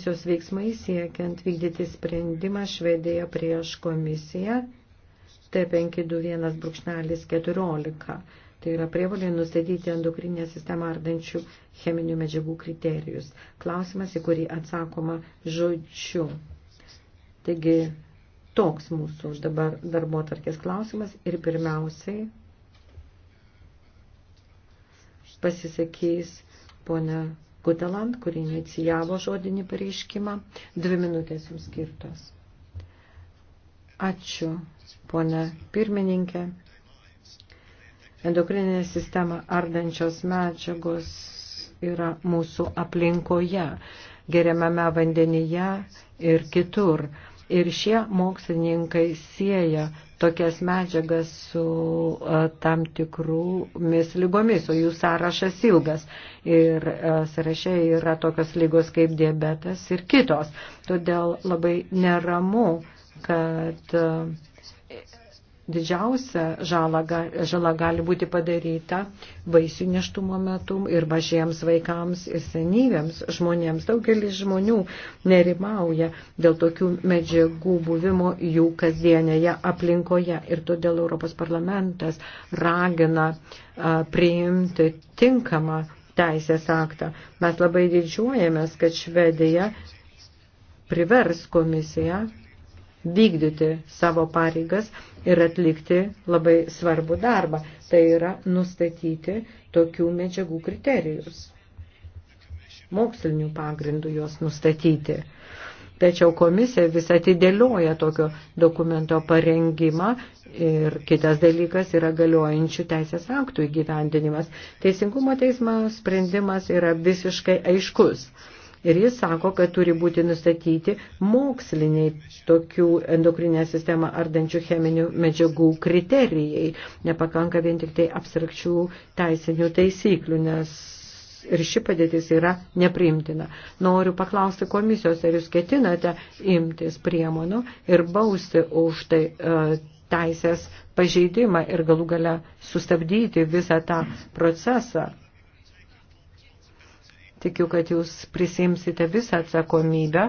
komisijos veiksmai siekiant vykdyti sprendimą Švedija prieš komisiją T521-14. Tai yra prievolė nustatyti endokrininę sistemą ardančių cheminių medžiagų kriterijus. Klausimas, į kurį atsakoma žodžiu. Taigi, toks mūsų dabar darbo tarkės klausimas ir pirmiausiai pasisakys ponia Gutelant, kuri inicijavo žodinį pareiškimą. Dvi minutės jums skirtos. Ačiū, ponė pirmininkė. Endokrininė sistema ardančios medžiagos yra mūsų aplinkoje, geriamame vandenyje ir kitur. Ir šie mokslininkai sieja tokias medžiagas su a, tam tikrumis lygomis, o jų sąrašas ilgas. Ir a, sąraše yra tokios lygos kaip diabetas ir kitos. Todėl labai neramu, kad a, Didžiausia žala, žala gali būti padaryta vaisių neštumo metu ir mažiems vaikams ir senyviems žmonėms. Daugelis žmonių nerimauja dėl tokių medžiagų buvimo jų kasdienėje aplinkoje ir todėl Europos parlamentas ragina a, priimti tinkamą teisės aktą. Mes labai didžiuojamės, kad Švedija privers komisiją vykdyti savo pareigas ir atlikti labai svarbų darbą. Tai yra nustatyti tokių medžiagų kriterijus. Mokslinių pagrindų juos nustatyti. Tačiau komisija vis atidėlioja tokio dokumento parengimą ir kitas dalykas yra galiojančių teisės aktų įgyvendinimas. Teisingumo teismo sprendimas yra visiškai aiškus. Ir jis sako, kad turi būti nustatyti moksliniai tokių endokrinę sistemą ardančių cheminių medžiagų kriterijai. Nepakanka vien tik tai abstrakčių teisinių taisyklių, nes ir ši padėtis yra nepriimtina. Noriu paklausti komisijos, ar jūs ketinate imtis priemonių ir bausti už tai e, teisės pažeidimą ir galų gale sustabdyti visą tą procesą, Tikiu, kad jūs prisimsite visą atsakomybę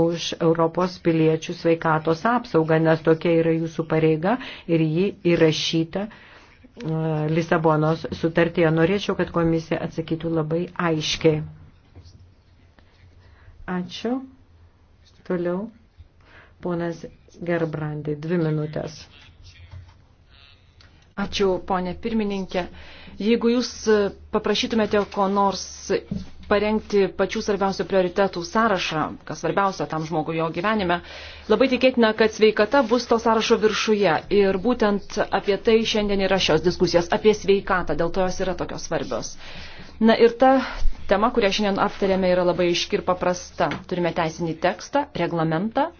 už Europos piliečių sveikatos apsaugą, nes tokia yra jūsų pareiga ir ji įrašyta e, Lisabonos sutartėje. Norėčiau, kad komisija atsakytų labai aiškiai. Ačiū. Toliau. Ponas Gerbrandi, dvi minutės. Ačiū, ponė pirmininkė. Jeigu jūs paprašytumėte ko nors parengti pačių svarbiausių prioritetų sąrašą, kas svarbiausia tam žmogui jo gyvenime, labai tikėtina, kad sveikata bus to sąrašo viršuje. Ir būtent apie tai šiandien yra šios diskusijos, apie sveikatą, dėl to jos yra tokios svarbios. Na ir ta tema, kurią šiandien aptarėme, yra labai iški ir paprasta. Turime teisinį tekstą, reglamentą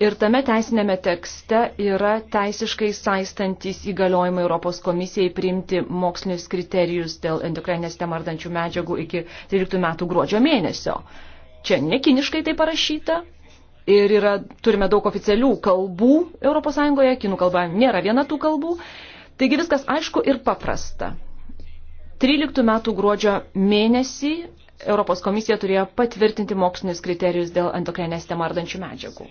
Ir tame teisinėme tekste yra teisiškai saistantis įgaliojimai Europos komisijai priimti mokslinius kriterijus dėl endokrinės temardančių medžiagų iki 13 metų gruodžio mėnesio. Čia nekiniškai tai parašyta, ir yra, turime daug oficialių kalbų ES, kinų kalba nėra viena tų kalbų, taigi viskas aišku ir paprasta. 13 metų gruodžio mėnesį Europos komisija turėjo patvirtinti mokslinius kriterijus dėl endokrinės temardančių medžiagų.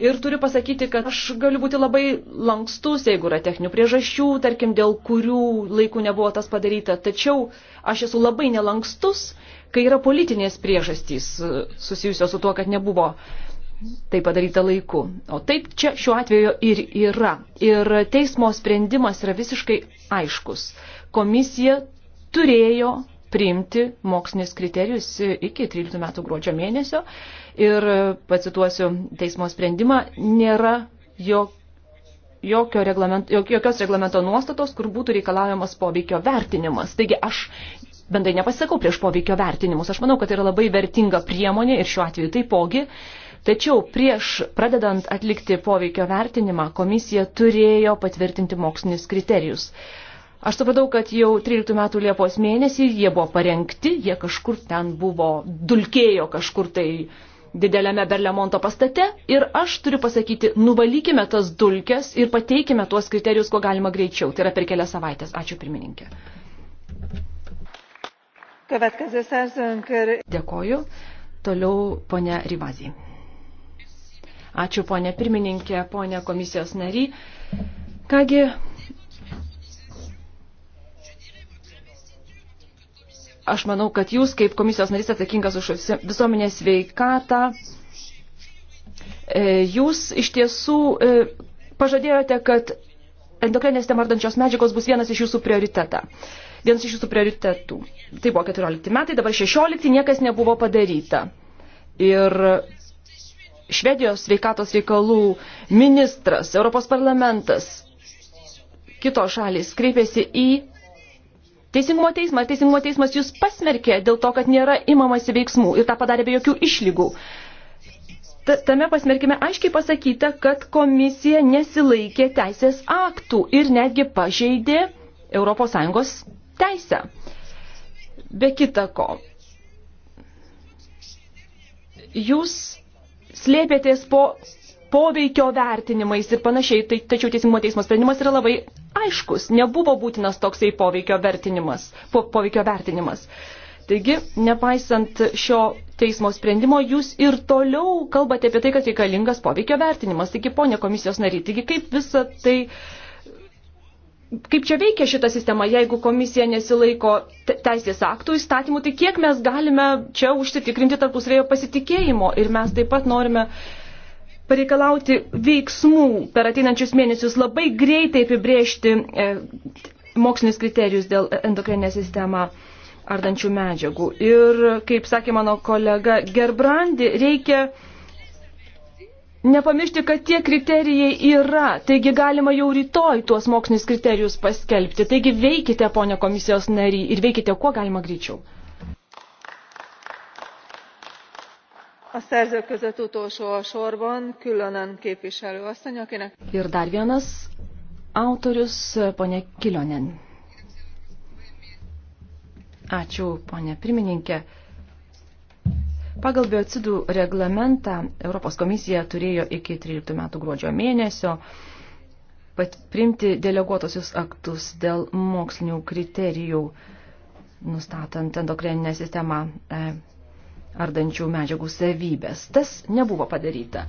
Ir turiu pasakyti, kad aš galiu būti labai lankstus, jeigu yra techninių priežasčių, tarkim, dėl kurių laikų nebuvo tas padaryta. Tačiau aš esu labai nelankstus, kai yra politinės priežastys e, susijusios su tuo, kad nebuvo tai padaryta laiku. O taip čia šiuo atveju ir yra. Ir teismo sprendimas yra visiškai aiškus. Komisija turėjo priimti mokslinis kriterijus iki 13 metų gruodžio mėnesio. Ir pacituosiu teismo sprendimą, nėra jokio jokio reglamento, jokios reglamento nuostatos, kur būtų reikalaujamas poveikio vertinimas. Taigi aš bendrai nepasisakau prieš poveikio vertinimus. Aš manau, kad tai yra labai vertinga priemonė ir šiuo atveju taipogi. Tačiau prieš pradedant atlikti poveikio vertinimą, komisija turėjo patvirtinti mokslinis kriterijus. Aš supratau, kad jau 13 metų Liepos mėnesį jie buvo parengti, jie kažkur ten buvo, dulkėjo kažkur tai dideliame Berlemonto pastate ir aš turiu pasakyti, nuvalykime tas dulkes ir pateikime tuos kriterijus, kuo galima greičiau. Tai yra per kelias savaitės. Ačiū pirmininkė. Dėkoju. Toliau ponia Rivazijai. Ačiū ponia pirmininkė, ponia komisijos nary. Kągi, aš manau, kad jūs kaip komisijos narys atsakingas už visuomenės veikatą, e, jūs iš tiesų e, pažadėjote, kad endokrinės temardančios medžiagos bus vienas iš jūsų prioritetą. Vienas iš jūsų prioritetų. Tai buvo 14 metai, dabar 16 niekas nebuvo padaryta. Ir Švedijos sveikatos reikalų ministras, Europos parlamentas, kitos šalis kreipėsi į Teisingumo teismas, teisingumo teismas jūs pasmerkė dėl to, kad nėra imamasi veiksmų ir tą padarė be jokių išlygų. Ta, tame pasmerkime aiškiai pasakyta, kad komisija nesilaikė teisės aktų ir netgi pažeidė ES teisę. Be kita ko, jūs slėpėtės po poveikio vertinimais ir panašiai, tai, tačiau teisingumo teismo sprendimas yra labai aiškus, nebuvo būtinas toksai poveikio, vertinimas, po, poveikio vertinimas. Taigi, nepaisant šio teismo sprendimo, jūs ir toliau kalbate apie tai, kad reikalingas poveikio vertinimas. Taigi, ponė komisijos nariai, taigi kaip visa tai kaip čia veikia šita sistema, jeigu komisija nesilaiko teisės aktų įstatymų, tai kiek mes galime čia užsitikrinti tarpusvėjo pasitikėjimo. Ir mes taip pat norime pareikalauti veiksmų per ateinančius mėnesius labai greitai apibrėžti e, mokslinius kriterijus dėl endokrininę sistemą ardančių medžiagų. Ir, kaip sakė mano kolega Gerbrandi, reikia nepamiršti, kad tie kriterijai yra. Taigi galima jau rytoj tuos mokslinius kriterijus paskelbti. Taigi veikite, ponia komisijos nariai, ir veikite kuo galima greičiau. Ir dar vienas autorius, ponė Kilonen. Ačiū, ponė pirmininkė. Pagal biocidų reglamentą Europos komisija turėjo iki 13 metų gruodžio mėnesio priimti deleguotosius aktus dėl mokslinių kriterijų, nustatant endokrininę sistemą. E, ardančių medžiagų savybės. Tas nebuvo padaryta.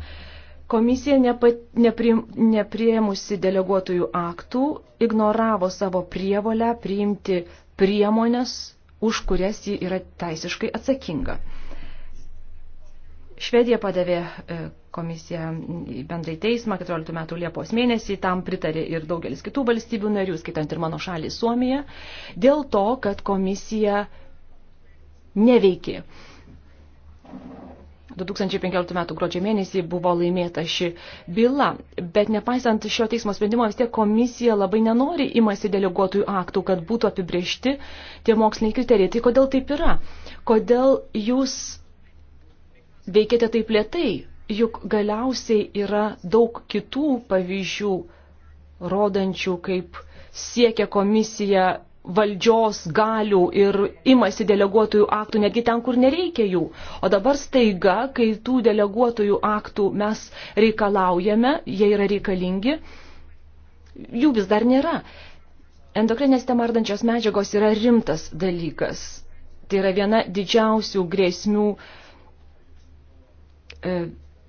Komisija nepa, nepri, nepriemusi deleguotojų aktų ignoravo savo prievolę priimti priemonės, už kurias ji yra teisiškai atsakinga. Švedija padavė e, komisiją į bendrai teismą 14 metų Liepos mėnesį, tam pritarė ir daugelis kitų valstybių narių, skaitant ir mano šalį Suomiją, dėl to, kad komisija neveikė. 2015 m. gruodžio mėnesį buvo laimėta ši byla, bet nepaisant šio teismo sprendimo vis tiek komisija labai nenori imasi deleguotųjų aktų, kad būtų apibriešti tie moksliniai kriterijai. Tai kodėl taip yra? Kodėl jūs veikiate taip lietai? Juk galiausiai yra daug kitų pavyzdžių, rodančių, kaip siekia komisija valdžios galių ir imasi deleguotojų aktų netgi ten, kur nereikia jų. O dabar staiga, kai tų deleguotojų aktų mes reikalaujame, jie yra reikalingi, jų vis dar nėra. Endokrinės temardančios medžiagos yra rimtas dalykas. Tai yra viena didžiausių grėsmių e,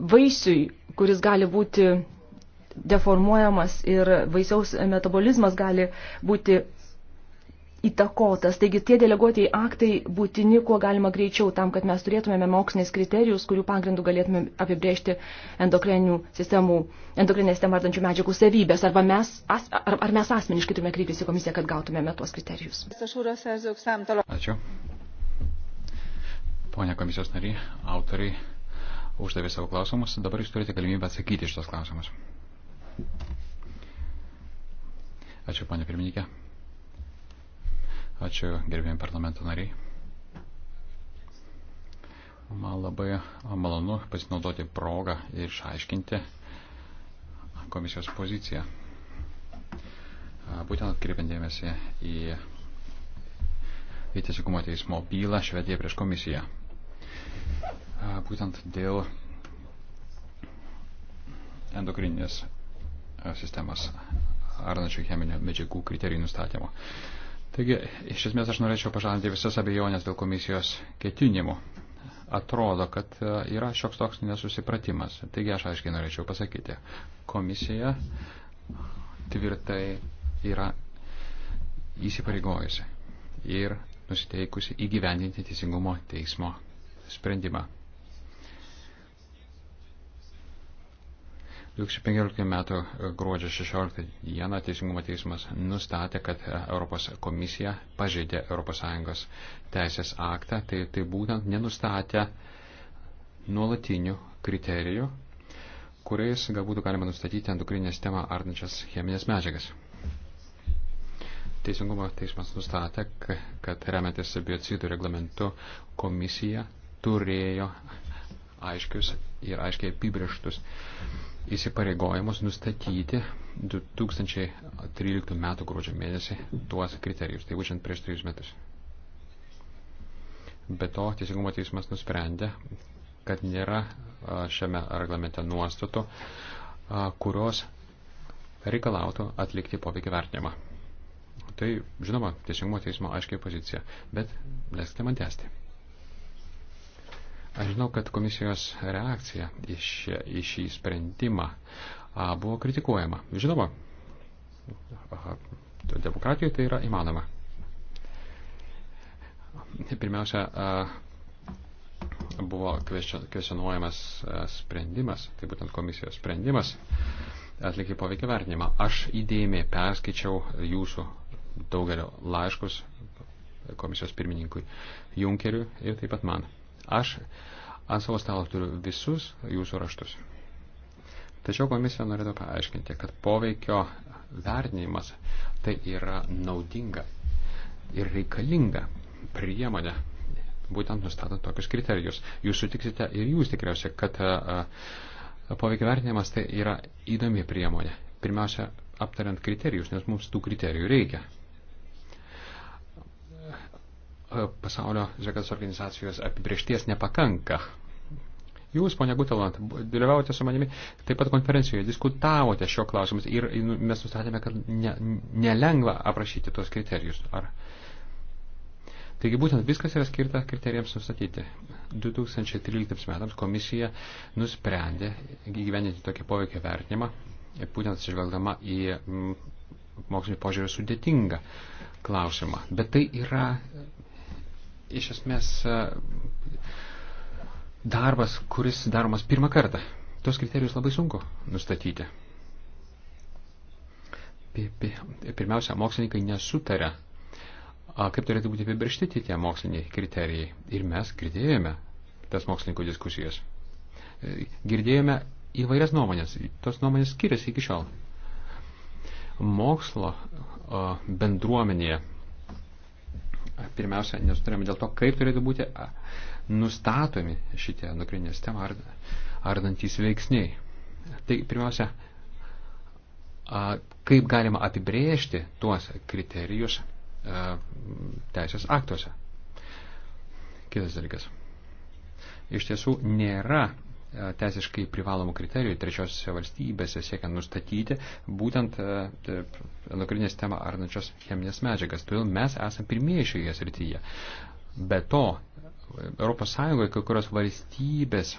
vaisiui, kuris gali būti deformuojamas ir vaisiaus metabolizmas gali būti įtakotas. Taigi tie deleguotieji aktai būtini kuo galima greičiau tam, kad mes turėtumėme mokslinės kriterijus, kurių pagrindų galėtume apibrėžti endokrininių sistemų, endokrininę sistemą ardančių medžiagų savybės. Arba mes, as, ar, ar mes asmeniškai turime kreiptis į komisiją, kad gautumėme tuos kriterijus. Ačiū. Pone komisijos nariai, autoriai uždavė savo klausimus. Dabar jūs turite galimybę atsakyti šitos klausimus. Ačiū, ponė pirmininkė. Ačiū gerbėjim parlamento nariai. Man labai malonu pasinaudoti progą ir išaiškinti komisijos poziciją. Būtent atkreipiant dėmesį į, į teisingumo teismo bylą Švedija prieš komisiją. Būtent dėl endokrininės sistemas ardančių cheminių medžiagų kriterijų nustatymo. Taigi, iš esmės aš norėčiau pažadinti visas abejonės dėl komisijos ketinimų. Atrodo, kad e, yra šioks toks nesusipratimas. Taigi aš aiškiai norėčiau pasakyti. Komisija tvirtai yra įsipareigojusi ir nusiteikusi įgyvendinti teisingumo teismo sprendimą. 2015 m. E, gruodžio 16 d. Teisingumo teismas nustatė, kad e, Europos komisija pažeidė ES teisės aktą, tai, tai būtent nenustatė nuolatinių kriterijų, kuriais galbūt galima nustatyti endokrinę sistemą ardančias cheminės medžiagas. Teisingumo teismas nustatė, kad remiantis biocidų reglamentu komisija turėjo aiškius ir aiškiai apibrieštus įsipareigojimus nustatyti 2013 m. gruodžio mėnesį tuos kriterijus, tai būtent prieš trejus metus. Be to, Teisingumo teismas nusprendė, kad nėra šiame reglamente nuostatų, kurios reikalautų atlikti poveikį vertinimą. Tai, žinoma, Teisingumo teismo aiškiai pozicija, bet leiskite man tęsti. Aš žinau, kad komisijos reakcija į šį, į šį sprendimą a, buvo kritikuojama. Žinoma, demokratijoje tai yra įmanoma. Pirmiausia, a, buvo kvestionuojamas sprendimas, tai būtent komisijos sprendimas atlikti poveikį vertinimą. Aš įdėmiai perskaičiau jūsų daugelio laiškus komisijos pirmininkui Junkeriu ir taip pat man. Aš ant savo stalo turiu visus jūsų raštus. Tačiau komisija norėtų paaiškinti, kad poveikio vertinimas tai yra naudinga ir reikalinga priemonė, būtent nustatant tokius kriterijus. Jūs sutiksite ir jūs tikriausiai, kad poveikio vertinimas tai yra įdomi priemonė. Pirmiausia, aptariant kriterijus, nes mums tų kriterijų reikia pasaulio sveikatos organizacijos apibriešties nepakanka. Jūs, ponia Gutelant, dalyvavote su manimi taip pat konferencijoje, diskutavote šio klausimus ir mes nustatėme, kad ne, nelengva aprašyti tos kriterijus. Ar... Taigi būtent viskas yra skirta kriterijams nustatyti. 2013 metams komisija nusprendė gyveninti tokį poveikio vertinimą, būtent atsižvelgdama į mokslinį požiūrį sudėtingą klausimą. Bet tai yra iš esmės e, darbas, kuris daromas pirmą kartą. Tos kriterijus labai sunku nustatyti. Pirmiausia, mokslininkai nesutarė, kaip turėtų būti apibriežti tie moksliniai kriterijai. Ir mes girdėjome tas mokslininkų diskusijas. E, girdėjome įvairias nuomonės. Tos nuomonės skiriasi iki šiol. Mokslo bendruomenėje pirmiausia, nesutarėme dėl to, kaip turėtų būti nustatomi šitie endokrininę sistemą ardantys veiksniai. Tai pirmiausia, kaip galima apibrėžti tuos kriterijus teisės aktuose. Kitas dalykas. Iš tiesų nėra E, teisiškai privalomų kriterijų trečiosiose valstybėse siekiant nustatyti būtent e, endokrinę sistemą arnačios cheminės medžiagas. Todėl mes esame pirmieji šioje srityje. Be to, ES kai kurios valstybės e,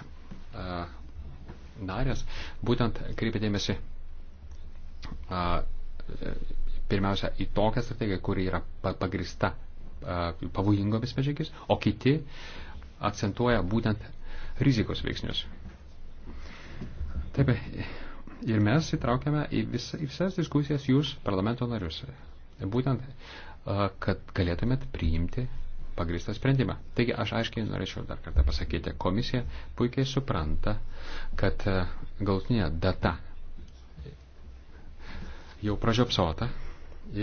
narės būtent kreipia dėmesį pirmiausia į tokią strategiją, kuri yra pagrista pavojingomis medžiagis, o kiti akcentuoja būtent rizikos veiksnius. Taip, ir mes įtraukiame į, vis, į visas diskusijas jūs, parlamento narius. Būtent, kad galėtumėt priimti pagristą sprendimą. Taigi aš aiškiai norėčiau dar kartą pasakyti, komisija puikiai supranta, kad galutinė data jau pražiopsota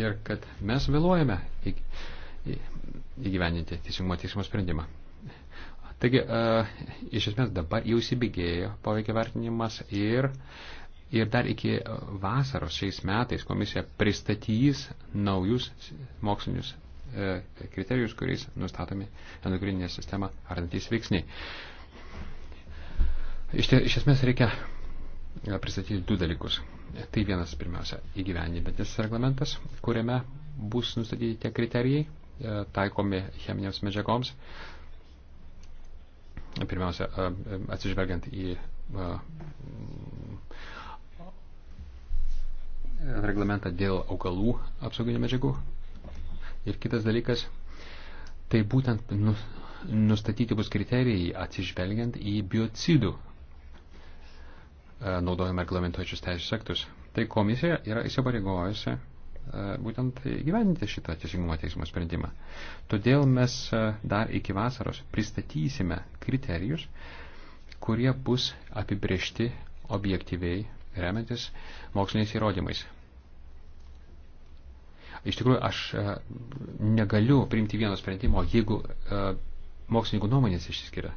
ir kad mes vėluojame įgyveninti teisingumo teismo sprendimą. Taigi, e, iš esmės dabar jau įsibėgėjo poveikio vertinimas ir, ir dar iki vasaros šiais metais komisija pristatys naujus mokslinius e, kriterijus, kuriais nustatomi endokrininė sistema ardantys veiksniai. Iš, te, iš esmės reikia e, pristatyti du dalykus. Tai vienas pirmiausia įgyvendinantis reglamentas, kuriame bus nustatyti tie kriterijai taikomi cheminėms medžiagoms pirmiausia, atsižvelgiant į reglamentą dėl augalų apsauginių medžiagų. Ir kitas dalykas, tai būtent nu, nustatyti bus kriterijai atsižvelgiant į biocidų naudojimą reglamentuojančius teisės aktus. Tai komisija yra įsipareigojusi E, būtent gyventi šitą teisingumo teismo sprendimą. Todėl mes e, dar iki vasaros pristatysime kriterijus, kurie bus apibriešti objektyviai remiantis moksliniais įrodymais. Iš tikrųjų, aš e, negaliu priimti vieno sprendimo, jeigu mokslininkų nuomonės išsiskiria.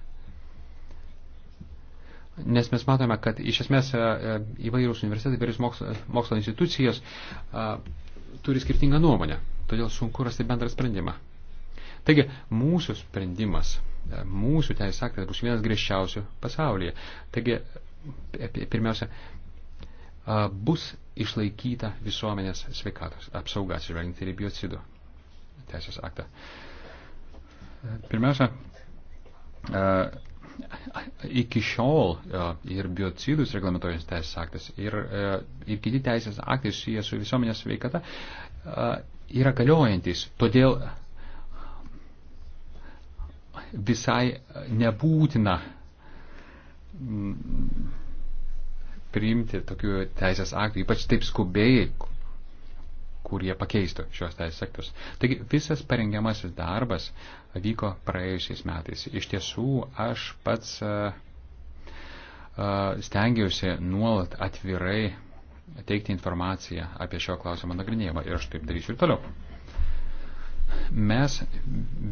Nes mes matome, kad iš esmės įvairūs universitetai, įvairius mokslo, mokslo institucijos turi skirtingą nuomonę, todėl sunku rasti bendrą sprendimą. Taigi, mūsų sprendimas, e, mūsų teisės aktas bus vienas griežčiausių pasaulyje. Taigi, pirmiausia, bus išlaikyta visuomenės sveikatos apsauga, atsižvelgiant ir į biocidų teisės aktą. E, pirmiausia, iki šiol e, ir biocidus reglamentuojantis teisės aktas, ir, e, ir kiti teisės aktai susiję su visuomenės sveikata e, yra galiojantis. Todėl visai nebūtina mm, priimti tokių teisės aktų, ypač taip skubiai, kurie pakeistų šios teisės aktus. Taigi visas parengiamasis darbas vyko praėjusiais metais. Iš tiesų aš pats e, e, stengiausi nuolat atvirai teikti informaciją apie šio klausimo nagrinėjimą ir aš taip darysiu ir toliau. Mes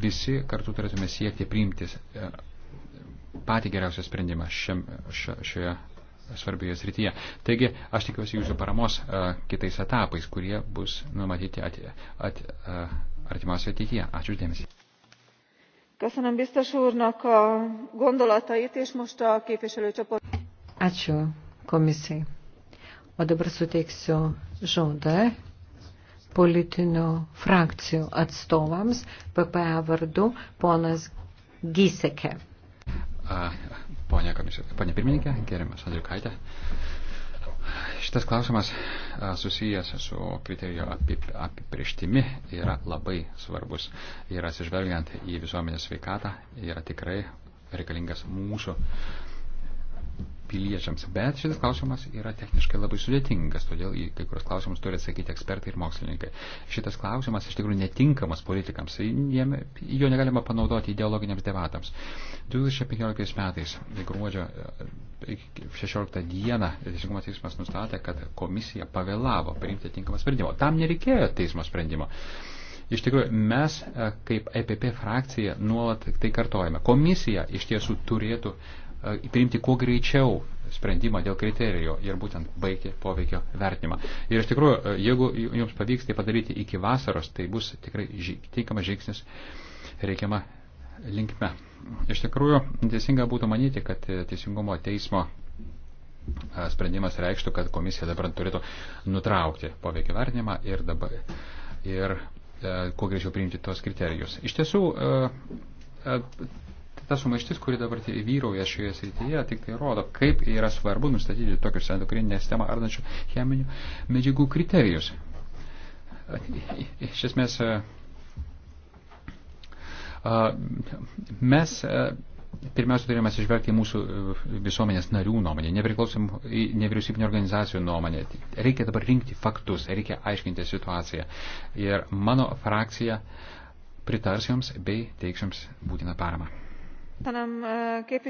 visi kartu turėtume siekti priimtis e, patį geriausią sprendimą šiam, šio, šioje svarbioje srityje. Taigi, aš tikiuosi jūsų paramos a, e, kitais etapais, kurie bus numatyti at, at, e, a, artimiausioje ateityje. Ačiū uždėmesį. Köszönöm biztos úrnak a gondolatait, és most a képviselőcsoport. Ačiū komisijai. O dabar suteiksiu žodą politinių frakcijų atstovams, PPA vardu, ponas Gysekė. Pone komisijos, pone pirmininkė, gerimas Andriukaitė. Šitas klausimas susijęs su kriterijų apiprieštimi yra labai svarbus ir atsižvelgiant į visuomenės sveikatą yra tikrai reikalingas mūsų piliečiams. Bet šis klausimas yra techniškai labai sudėtingas, todėl į kai kurios klausimus turi atsakyti ekspertai ir mokslininkai. Šitas klausimas iš tikrųjų netinkamas politikams, jo negalima panaudoti ideologiniams debatams. 2015 metais, e, gruodžio 16 e, dieną, Teisingumo teismas nustatė, kad komisija pavėlavo priimti tinkamą sprendimą. Tam nereikėjo teismo sprendimo. Iš tikrųjų, mes e, kaip EPP frakcija nuolat tai kartojame. Komisija iš tiesų turėtų uh, E, priimti kuo greičiau sprendimą dėl kriterijų ir būtent baigti poveikio vertinimą. Ir iš tikrųjų, e, jeigu jums pavyks tai padaryti iki vasaros, tai bus tikrai tinkamas žingsnis reikiama linkme. Iš tikrųjų, teisinga būtų manyti, kad e, teisingumo teismo sprendimas reikštų, kad komisija dabar turėtų nutraukti poveikio vertinimą ir dabar ir e, kuo greičiau priimti tos kriterijus. Iš tiesų, e, e, Ta sumaištis, kuri dabar vyrauja šioje srityje, tik tai rodo, kaip yra svarbu nustatyti tokius endokrininę sistemą ardančių cheminių medžiagų kriterijus. Iš esmės, e, e, mes e, pirmiausia turime atsižvelgti į mūsų visuomenės narių nuomonę, nepriklausom nevyriausybinio organizacijų nuomonę. Reikia dabar rinkti faktus, reikia aiškinti situaciją. Ir mano frakcija pritars joms bei teiks joms būtiną paramą. E,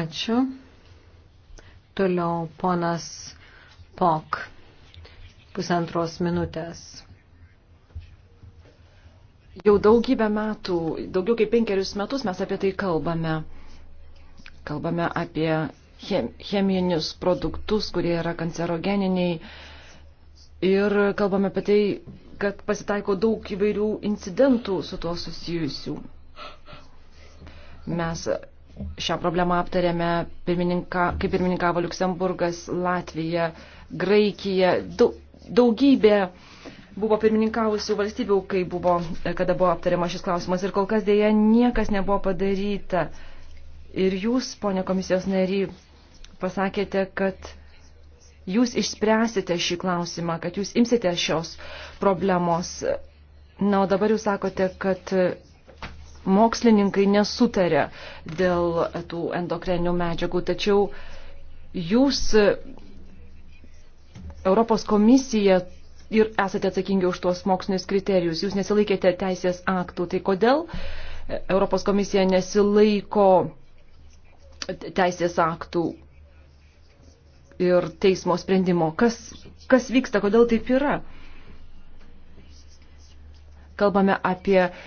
Ačiū. Toliau ponas Pok. Pusantros minutės. Jau daugybę metų, daugiau kaip penkerius metus mes apie tai kalbame. Kalbame apie cheminius produktus, kurie yra kancerogeniniai. Ir kalbame apie tai, kad pasitaiko daug įvairių incidentų su tuo susijusių. Mes šią problemą aptarėme pirmininka, kaip pirmininkavo Luksemburgas, Latvija, Graikija, daugybė buvo pirmininkavusių valstybių, kai buvo, kada buvo aptariama šis klausimas ir kol kas dėja niekas nebuvo padaryta. Ir jūs, ponė komisijos nary, pasakėte, kad jūs išspręsite šį klausimą, kad jūs imsite šios problemos. Na, o dabar jūs sakote, kad mokslininkai nesutarė dėl tų endokrinių medžiagų, tačiau jūs Europos komisija ir esate atsakingi už tuos mokslinius kriterijus, jūs nesilaikėte teisės aktų, tai kodėl Europos komisija nesilaiko teisės aktų ir teismo sprendimo? Kas, kas vyksta, kodėl taip yra? Kalbame apie uh,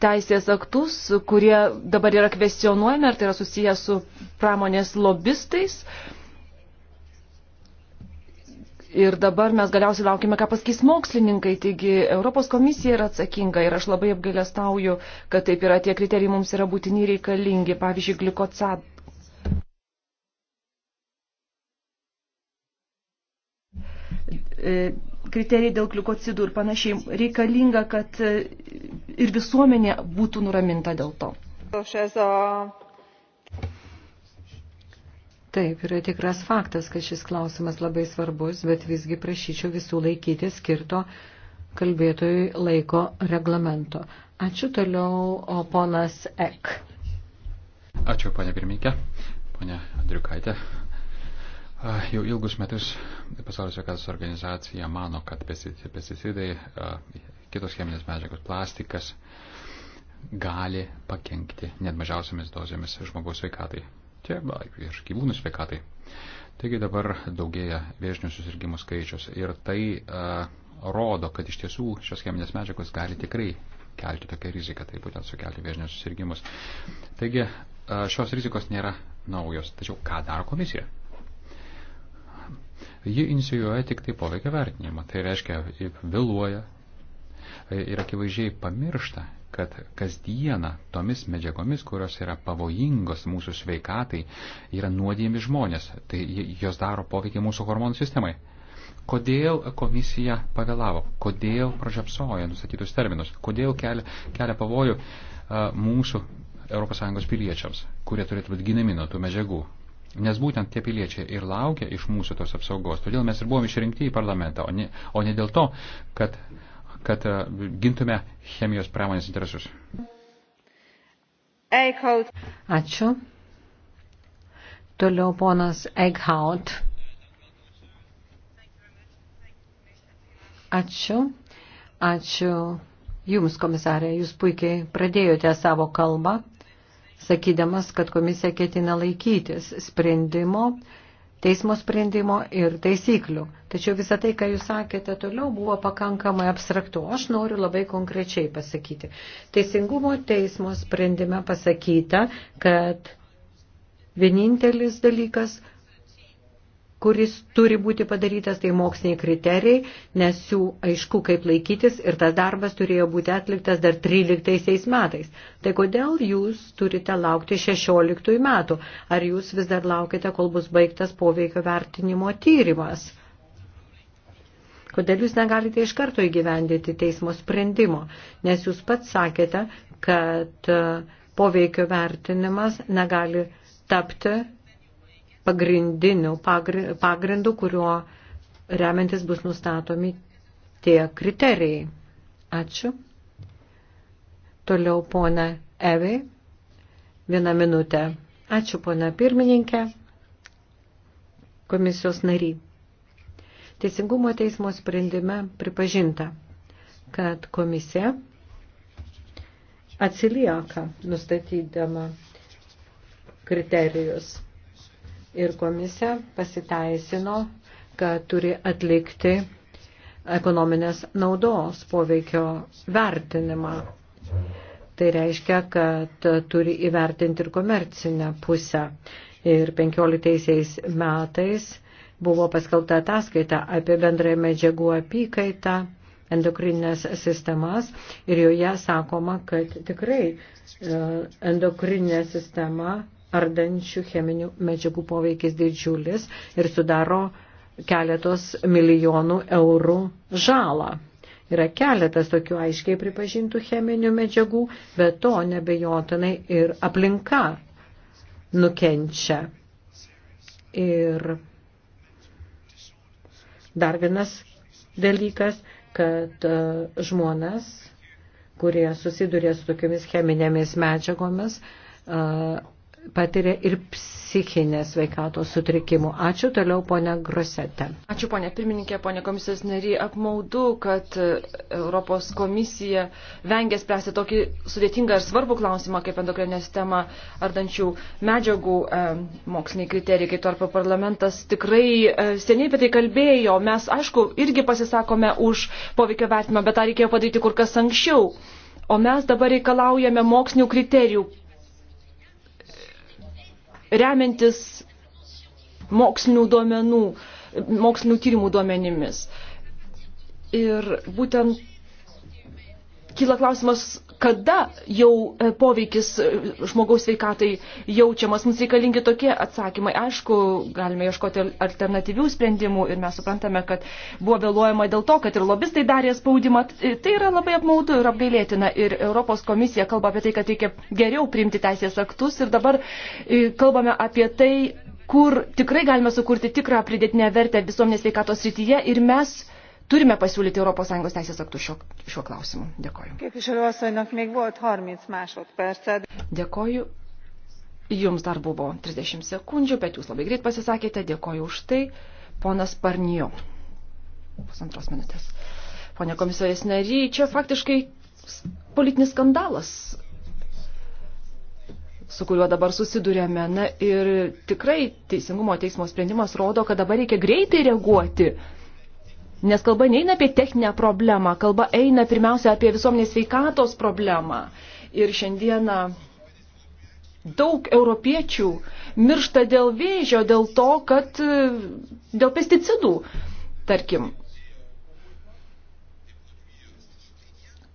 teisės aktus, kurie dabar yra kvestionuojami, ar tai yra susiję su pramonės lobistais. Ir dabar mes galiausiai laukime, ką pasakys mokslininkai. Taigi Europos komisija yra atsakinga ir aš labai apgailestauju, kad taip yra tie kriterijai mums yra būtini reikalingi. Pavyzdžiui, glikocad, E, kriterijai dėl gliukocidų ir panašiai. Reikalinga, kad e, ir visuomenė būtų nuraminta dėl to. Taip, yra tikras faktas, kad šis klausimas labai svarbus, bet visgi prašyčiau visų laikyti skirto kalbėtojui laiko reglamento. Ačiū toliau, o ponas Ek. Ačiū, ponė pirmininkė, ponė Andriukaitė, Jau ilgus metus pasaulio sveikatos organizacija mano, kad pesticidai, kitos cheminės medžiagos, plastikas gali pakenkti net mažiausiamis dozėmis žmogaus sveikatai. Čia ir gyvūnų sveikatai. Taigi dabar daugėja vėžinių susirgymų skaičius ir tai uh, rodo, kad iš tiesų šios cheminės medžiagos gali tikrai kelti tokią riziką, tai būtent sukelti vėžinius susirgymus. Taigi šios rizikos nėra naujos, tačiau ką daro komisija? ji inicijuoja tik tai poveikio vertinimą. Tai reiškia, vėluoja ir akivaizdžiai pamiršta, kad kasdieną tomis medžiagomis, kurios yra pavojingos mūsų sveikatai, yra nuodijami žmonės. Tai jos daro poveikį mūsų hormonų sistemai. Kodėl komisija pavėlavo? Kodėl pražiapsoja nustatytus terminus? Kodėl kelia, kelia pavojų uh, mūsų ES piliečiams, kurie turėtų būti ginami nuo tų medžiagų? Nes būtent tie piliečiai ir laukia iš mūsų tos apsaugos. Todėl mes ir buvome išrinkti į parlamentą, o ne, o ne dėl to, kad, kad e, gintume chemijos pramonės interesus. Eichhout. Ačiū. Toliau ponas Eichhout. Ačiū. Ačiū Jums, komisarė. Jūs puikiai pradėjote savo kalbą sakydamas, kad komisija ketina laikytis sprendimo, teismo sprendimo ir taisyklių. Tačiau visą tai, ką jūs sakėte toliau, buvo pakankamai abstraktu. Aš noriu labai konkrečiai pasakyti. Teisingumo teismo sprendime pasakyta, kad vienintelis dalykas, kuris turi būti padarytas, tai moksliniai kriterijai, nes jų aišku, kaip laikytis ir tas darbas turėjo būti atliktas dar 13 metais. Tai kodėl jūs turite laukti 16 metų? Ar jūs vis dar laukite, kol bus baigtas poveikio vertinimo tyrimas? Kodėl jūs negalite iš karto įgyvendyti teismo sprendimo? Nes jūs pats sakėte, kad poveikio vertinimas negali tapti pagrindiniu pagrindu, kuriuo remiantis bus nustatomi tie kriterijai. Ačiū. Toliau pona Evai. Vieną minutę. Ačiū pona pirmininkė. Komisijos nary. Teisingumo teismo sprendime pripažinta, kad komisija atsilieka nustatydama kriterijus ir komisija pasiteisino, kad turi atlikti ekonominės naudos poveikio vertinimą. Tai reiškia, kad turi įvertinti ir komercinę pusę. Ir 15 metais buvo paskelbta ataskaita apie bendrąją medžiagų apykaitą endokrinės sistemas ir joje sakoma, kad tikrai e, endokrinė sistema ardančių cheminių medžiagų poveikis didžiulis ir sudaro keletos milijonų eurų žalą. Yra keletas tokių aiškiai pripažintų cheminių medžiagų, bet to nebejotinai ir aplinka nukenčia. Ir dar vienas dalykas, kad e, žmonės, kurie susiduria su tokiamis cheminėmis medžiagomis, e, patiria ir psichinės sveikatos sutrikimų. Ačiū toliau, ponia Grosete. Ačiū, ponia pirmininkė, ponia komisijos nariai. Apmaudu, kad Europos komisija vengia spręsti tokį sudėtingą ir svarbų klausimą, kaip endokrinė sistema ardančių medžiagų e, moksliniai kriterijai, kai tarpo parlamentas tikrai e, seniai apie tai kalbėjo. Mes, aišku, irgi pasisakome už poveikio vertimą, bet tą reikėjo padaryti kur kas anksčiau. O mes dabar reikalaujame mokslinių kriterijų, remiantis mokslinių duomenų, mokslinių tyrimų duomenimis. Ir būtent kyla klausimas, kada jau e, poveikis e, žmogaus sveikatai jaučiamas. Mums reikalingi tokie atsakymai. Aišku, galime ieškoti alternatyvių sprendimų ir mes suprantame, kad buvo vėluojama dėl to, kad ir lobistai darė spaudimą. E, tai yra labai apmaudu ir apgailėtina. Ir Europos komisija kalba apie tai, kad reikia geriau priimti teisės aktus. Ir dabar kalbame apie tai, kur tikrai galime sukurti tikrą pridėtinę vertę visuomenės sveikatos srityje. Ir mes turime pasiūlyti ES teisės aktų šiuo, šiuo klausimu. Dėkoju. Dėkoju. Jums dar buvo 30 sekundžių, bet jūs labai greit pasisakėte. Dėkoju už tai. Ponas Parnijo. Pusantros minutės. Pone komisarės nary, čia faktiškai politinis skandalas su kuriuo dabar susidurėme. Na ir tikrai Teisingumo teismo sprendimas rodo, kad dabar reikia greitai reaguoti Nes kalba neina apie techninę problemą, kalba eina pirmiausia apie visuomenės sveikatos problemą. Ir šiandieną daug europiečių miršta dėl vėžio, dėl to, kad e, dėl pesticidų, tarkim,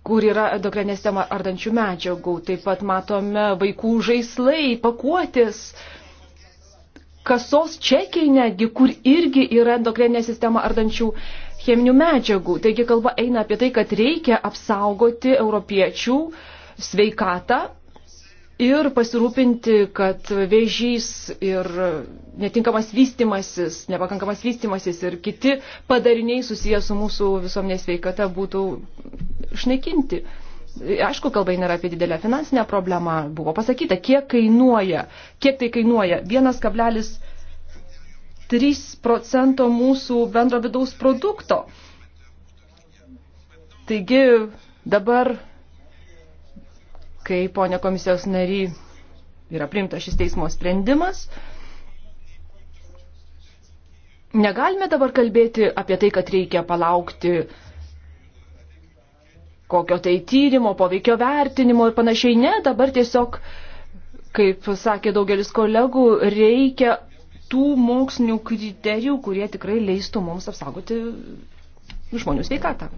kur yra endokrinę sistemą ardančių medžiagų. Taip pat matome vaikų žaislai, pakuotis, kasos čekiai netgi, kur irgi yra endokrinę sistemą ardančių medžiagų cheminių medžiagų. Taigi kalba eina apie tai, kad reikia apsaugoti europiečių sveikatą ir pasirūpinti, kad vėžys ir netinkamas vystimasis, nepakankamas vystimasis ir kiti padariniai susijęs su mūsų visuomenės sveikata būtų išnaikinti. Aišku, kalba eina apie didelę finansinę problemą. Buvo pasakyta, kiek kainuoja, kiek tai kainuoja. 1,5 3 procento mūsų bendro vidaus produkto. Taigi dabar, kai ponė komisijos nary yra priimta šis teismo sprendimas, negalime dabar kalbėti apie tai, kad reikia palaukti kokio tai tyrimo, poveikio vertinimo ir panašiai. Ne, dabar tiesiog, kaip sakė daugelis kolegų, reikia tų mokslinių kriterijų, kurie tikrai leistų mums apsaugoti žmonių sveikatą.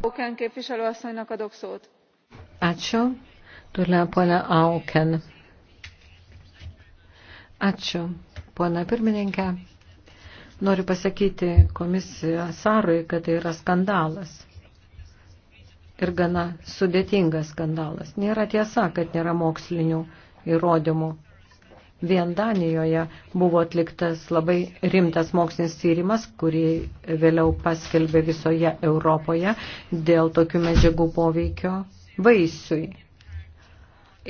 Ačiū. Toliau ponia Auken. Ačiū, ponia pirmininkė. Noriu pasakyti komisarui, kad tai yra skandalas. Ir gana sudėtingas skandalas. Nėra tiesa, kad nėra mokslinių įrodymų Vien Danijoje buvo atliktas labai rimtas mokslinis tyrimas, kurį vėliau paskelbė visoje Europoje dėl tokių medžiagų poveikio vaisiui.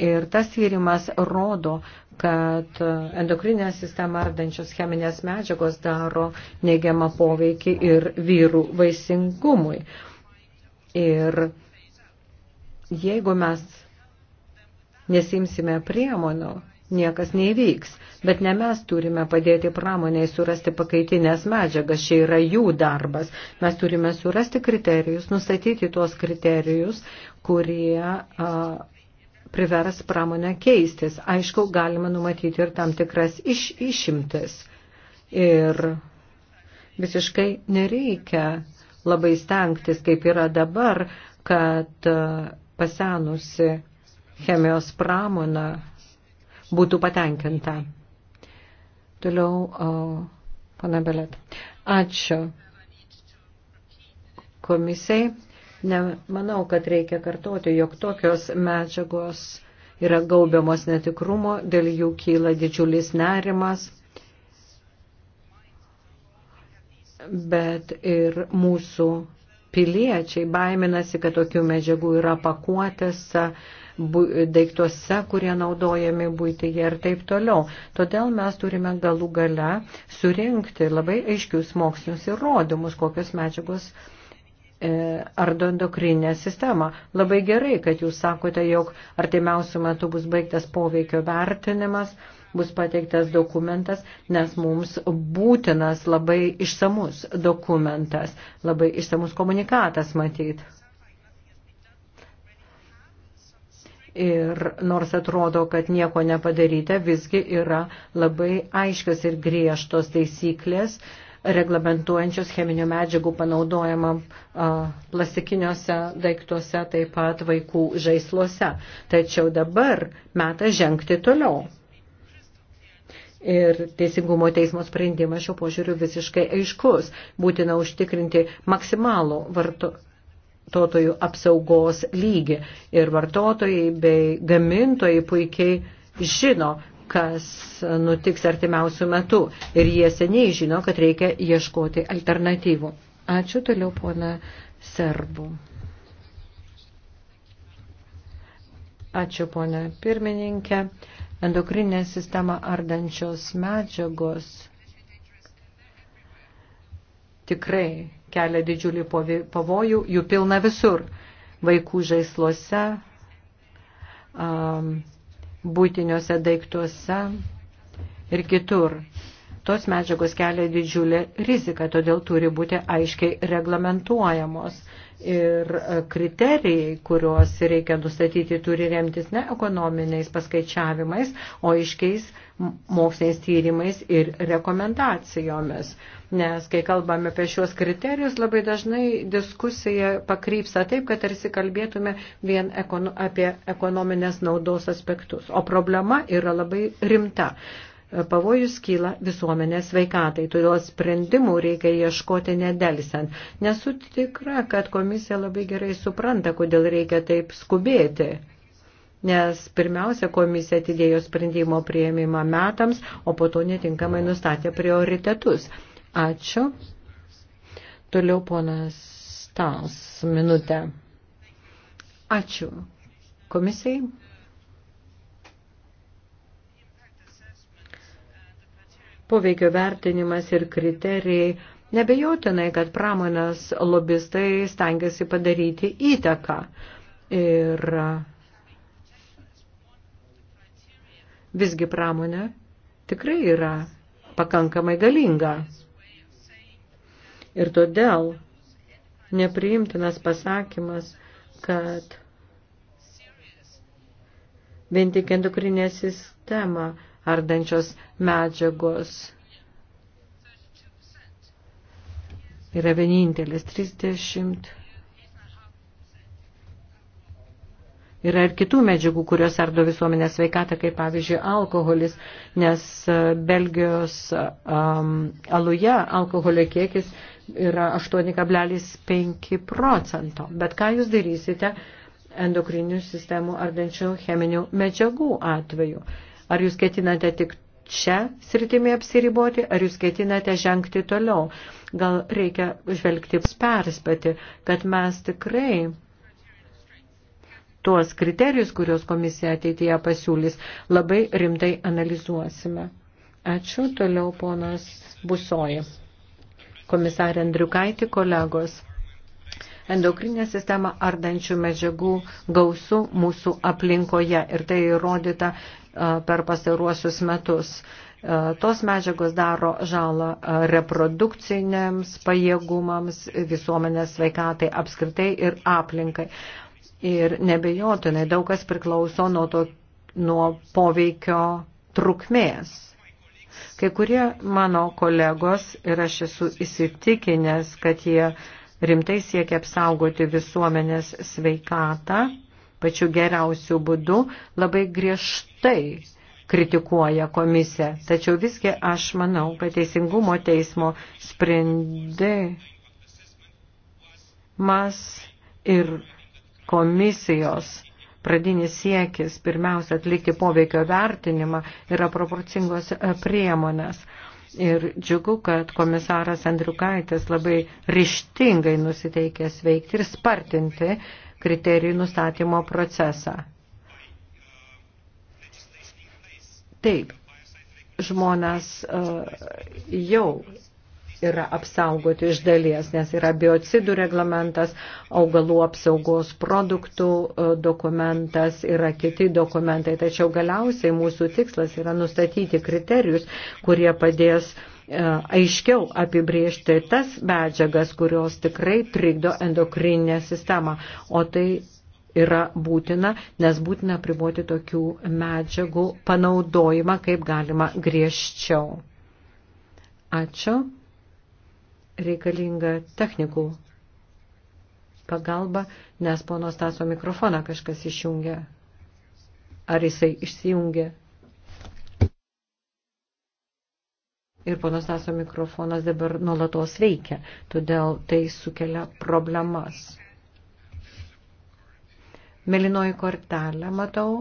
Ir tas tyrimas rodo, kad endokrinę sistemą ardančios cheminės medžiagos daro neigiamą poveikį ir vyrų vaisingumui. Ir jeigu mes nesimsime priemonių, niekas neįvyks. Bet ne mes turime padėti pramoniai surasti pakaitinės medžiagas, čia yra jų darbas. Mes turime surasti kriterijus, nustatyti tuos kriterijus, kurie a, privers pramonę keistis. Aišku, galima numatyti ir tam tikras iš, išimtis. Ir visiškai nereikia labai stengtis, kaip yra dabar, kad pasenusi chemijos pramona būtų patenkinta. Toliau, pana Belet. Ačiū komisijai. Nemanau, kad reikia kartoti, jog tokios medžiagos yra gaubiamos netikrumo, dėl jų kyla didžiulis nerimas, bet ir mūsų piliečiai baiminasi, kad tokių medžiagų yra pakuotėse, daiktuose, kurie naudojami būtyje ir taip toliau. Todėl mes turime galų gale surinkti labai aiškius mokslinius įrodymus, kokios medžiagos e, ardo endokrinę sistemą. Labai gerai, kad jūs sakote, jog artimiausių metų bus baigtas poveikio vertinimas, bus pateiktas dokumentas, nes mums būtinas labai išsamus dokumentas, labai išsamus komunikatas matyti. ir nors atrodo, kad nieko nepadaryta, visgi yra labai aiškios ir griežtos taisyklės reglamentuojančios cheminių medžiagų panaudojimą plastikiniuose daiktuose, taip pat vaikų žaisluose. Tačiau dabar metas žengti toliau. Ir Teisingumo teismo sprendimas šio požiūriu visiškai aiškus. Būtina užtikrinti maksimalų varto, vartotojų apsaugos lygį. Ir vartotojai bei gamintojai puikiai žino, kas nutiks artimiausių metų. Ir jie seniai žino, kad reikia ieškoti alternatyvų. Ačiū toliau, pona Serbu. Ačiū, pone pirmininkė. Endokrinė sistema ardančios medžiagos tikrai kelia didžiulį pavojų, jų pilna visur. Vaikų žaisluose, būtiniuose daiktuose ir kitur. Tos medžiagos kelia didžiulę riziką, todėl turi būti aiškiai reglamentuojamos ir e, kriterijai, kuriuos reikia nustatyti, turi remtis ne ekonominiais paskaičiavimais, o iškiais moksliniais tyrimais ir rekomendacijomis. Nes kai kalbame apie šios kriterijus, labai dažnai diskusija pakrypsta taip, kad tarsi kalbėtume vien ekono, apie ekonominės naudos aspektus. O problema yra labai rimta pavojus kyla visuomenės veikatai, todėl sprendimų reikia ieškoti nedelsiant. Nesu tikra, kad komisija labai gerai supranta, kodėl reikia taip skubėti. Nes pirmiausia, komisija atidėjo sprendimo prieimimą metams, o po to netinkamai nustatė prioritetus. Ačiū. Toliau ponas Stas, minutę. Ačiū. Komisijai. poveikio vertinimas ir kriterijai. Nebejotinai, kad pramonės lobistai stengiasi padaryti įtaką. Ir visgi pramonė tikrai yra pakankamai galinga. Ir todėl nepriimtinas pasakymas, kad vien tik endokrinė sistema ardančios medžiagos yra vienintelis 30. Yra ir kitų medžiagų, kurios ardo visuomenės sveikatą, kaip pavyzdžiui alkoholis, nes e, Belgijos um, aluje alkoholio kiekis yra 8,5 procento. Bet ką jūs darysite endokrinių sistemų ardančių cheminių medžiagų atveju? Ar jūs ketinate tik čia sritimi apsiriboti, ar jūs ketinate žengti toliau? Gal reikia žvelgti perspėti, kad mes tikrai tuos kriterijus, kuriuos komisija ateityje pasiūlys, labai rimtai analizuosime. Ačiū. Toliau ponas Busoji. Komisarė Andriukaitį, kolegos endokrinę sistemą ardančių medžiagų gausų mūsų aplinkoje. Ir tai įrodyta per pastaruosius metus. Tos medžiagos daro žalą reprodukcinėms pajėgumams, visuomenės sveikatai apskritai ir aplinkai. Ir nebejotinai daug kas priklauso nuo, to, nuo poveikio trukmės. Kai kurie mano kolegos ir aš esu įsitikinęs, kad jie rimtai siekia apsaugoti visuomenės sveikatą pačiu geriausiu būdu labai griežtai kritikuoja komisiją. Tačiau visgi aš manau, kad teisingumo teismo sprendimas ir komisijos pradinis siekis pirmiausia atlikti poveikio vertinimą yra proporcingos e, priemonės. Ir džiugu, kad komisaras Andriukaitis labai ryštingai nusiteikęs veikti ir spartinti kriterijų nustatymo procesą. Taip, žmonės e, jau yra apsaugoti iš dalies, nes yra biocidų reglamentas, augalų apsaugos produktų e, dokumentas, yra kiti dokumentai. Tačiau galiausiai mūsų tikslas yra nustatyti kriterijus, kurie padės uh, E, aiškiau apibriežti tas medžiagas, kurios tikrai trikdo endokrininę sistemą. O tai yra būtina, nes būtina priboti tokių medžiagų panaudojimą kaip galima griežčiau. Ačiū. Reikalinga technikų pagalba, nes pono Staso mikrofoną kažkas išjungia. Ar jisai išsijungia? ir ponos Naso mikrofonas dabar nuolatos veikia, todėl tai sukelia problemas. Melinoji kortelė, matau,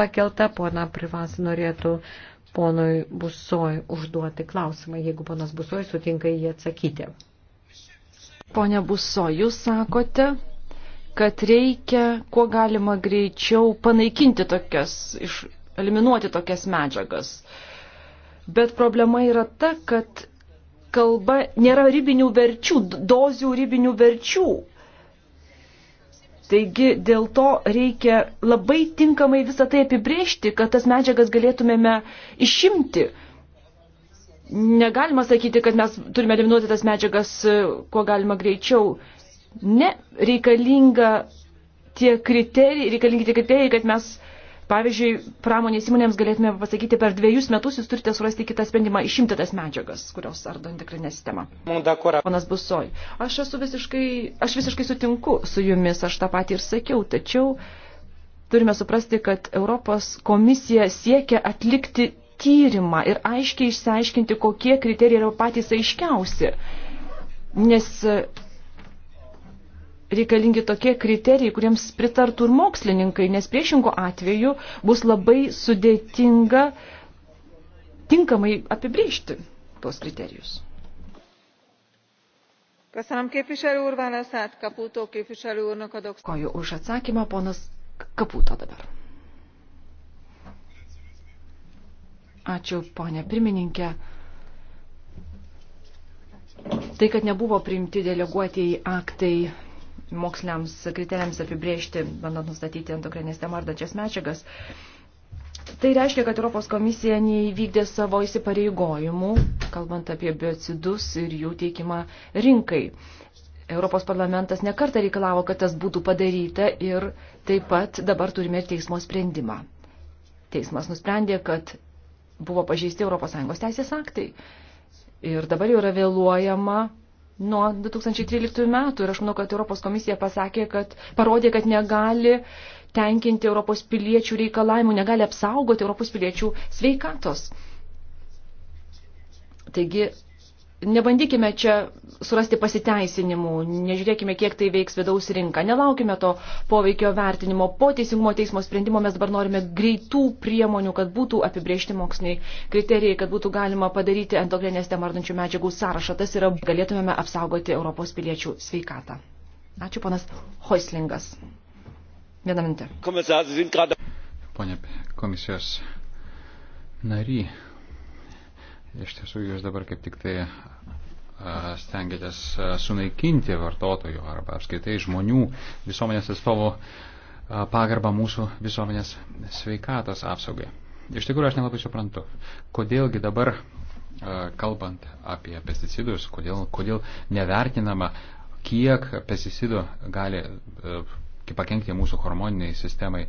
pakelta, pona Privas norėtų ponui Busoj užduoti klausimą, jeigu ponas Busoj sutinka jį atsakyti. Pone Busoj, jūs sakote, kad reikia kuo galima greičiau panaikinti tokias, iš, eliminuoti tokias medžiagas. Uh, bet problema yra ta, kad kalba nėra ribinių verčių, dozių ribinių verčių. Taigi dėl to reikia labai tinkamai visą tai apibrėžti, kad tas medžiagas galėtumėme išimti. Negalima sakyti, kad mes turime eliminuoti tas medžiagas, kuo galima greičiau. Ne, reikalinga tie kriterijai, reikalingi tie kriterijai, kad mes Pavyzdžiui, pramonės įmonėms galėtume pasakyti, per dviejus metus jūs turite surasti kitą sprendimą, išimti tas medžiagas, kurios ardo endokrinę sistemą. Ponas Busoj, aš, esu visiškai, aš visiškai sutinku su jumis, aš tą patį ir sakiau, tačiau turime suprasti, kad Europos komisija siekia atlikti tyrimą ir aiškiai išsiaiškinti, kokie kriterijai yra patys aiškiausi. Nes reikalingi tokie kriterijai, kuriems pritartų ir mokslininkai, nes priešingo atveju bus labai sudėtinga tinkamai apibriežti tuos kriterijus. Koju už atsakymą, ponas Kaputo dabar. Ačiū, ponė pirmininkė. Tai, kad nebuvo priimti deleguotieji aktai moksliniams kriterijams apibriežti, bandant nustatyti endokrinės temardančias medžiagas. Tai reiškia, kad Europos komisija neįvykdė savo įsipareigojimų, kalbant apie biocidus ir jų teikimą rinkai. Europos parlamentas nekartą reikalavo, kad tas būtų padaryta ir taip pat dabar turime ir teismo sprendimą. Teismas nusprendė, kad buvo pažeisti ES teisės aktai. Ir dabar jau yra vėluojama nuo 2013 metų ir aš manau, kad Europos komisija pasakė, kad parodė, kad negali tenkinti Europos piliečių reikalavimų, negali apsaugoti Europos piliečių sveikatos. Taigi nebandykime čia surasti pasiteisinimų, nežiūrėkime, kiek tai veiks vidaus rinką, nelaukime to poveikio vertinimo. Po teisingumo teismo sprendimo mes dabar norime greitų priemonių, kad būtų apibriežti moksliniai kriterijai, kad būtų galima padaryti endokrinės temardančių medžiagų sąrašą. Tas yra, galėtumėme apsaugoti Europos piliečių sveikatą. Ačiū, panas Hoislingas. Vieną minutę. Pone komisijos nary, Iš tiesų, jūs dabar kaip tik tai stengiatės sunaikinti vartotojų arba apskaitai žmonių visuomenės atstovų pagarbą mūsų visuomenės sveikatos apsaugai. Iš tikrųjų, aš nelabai suprantu, kodėlgi dabar, kalbant apie pesticidus, kodėl, kodėl nevertinama, kiek pesticidų gali pakenkti mūsų hormoniniai sistemai.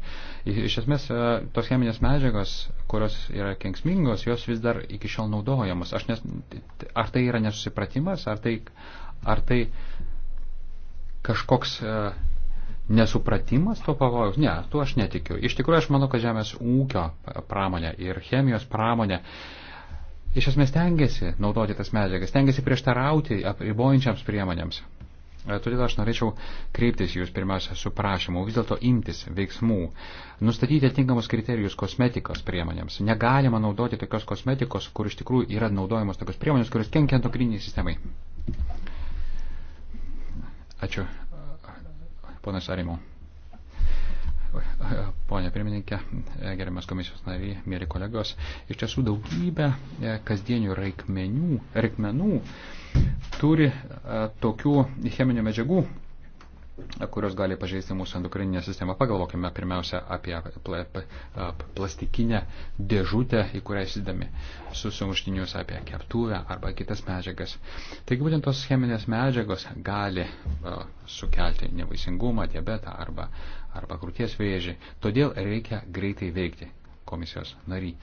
Iš esmės, e, tos cheminės medžiagos, kurios yra kenksmingos, jos vis dar iki šiol naudojamos. Aš nes, ar tai yra nesusipratimas, ar tai, ar tai kažkoks e, nesupratimas to pavojaus? Ne, tuo aš netikiu. Iš tikrųjų, aš manau, kad žemės ūkio pramonė ir chemijos pramonė iš esmės tengiasi naudoti tas medžiagas, tengiasi prieštarauti apribojančiams priemonėms. E, todėl aš norėčiau kreiptis jūs pirmiausia su prašymu vis dėlto imtis veiksmų, nustatyti tinkamus kriterijus kosmetikos priemonėms. Negalima naudoti tokios kosmetikos, kur iš tikrųjų yra naudojamos tokios priemonės, kurios kenkia endokrininiai sistemai. Ačiū. Ponas Arimo. Pone pirmininkė, gerbiamas komisijos nariai, mėly kolegos, iš tiesų daugybė e, kasdienių reikmenių, reikmenų turi e, tokių cheminių medžiagų, kurios gali pažeisti mūsų endokrininę sistemą. Pagalvokime pirmiausia apie plastikinę dėžutę, į kurią įsidami susimuštinius apie keptuvę arba kitas medžiagas. Taigi būtent tos cheminės medžiagos gali sukelti nevaisingumą, diabetą arba arba krūties vėžį. Todėl reikia greitai veikti komisijos nariai.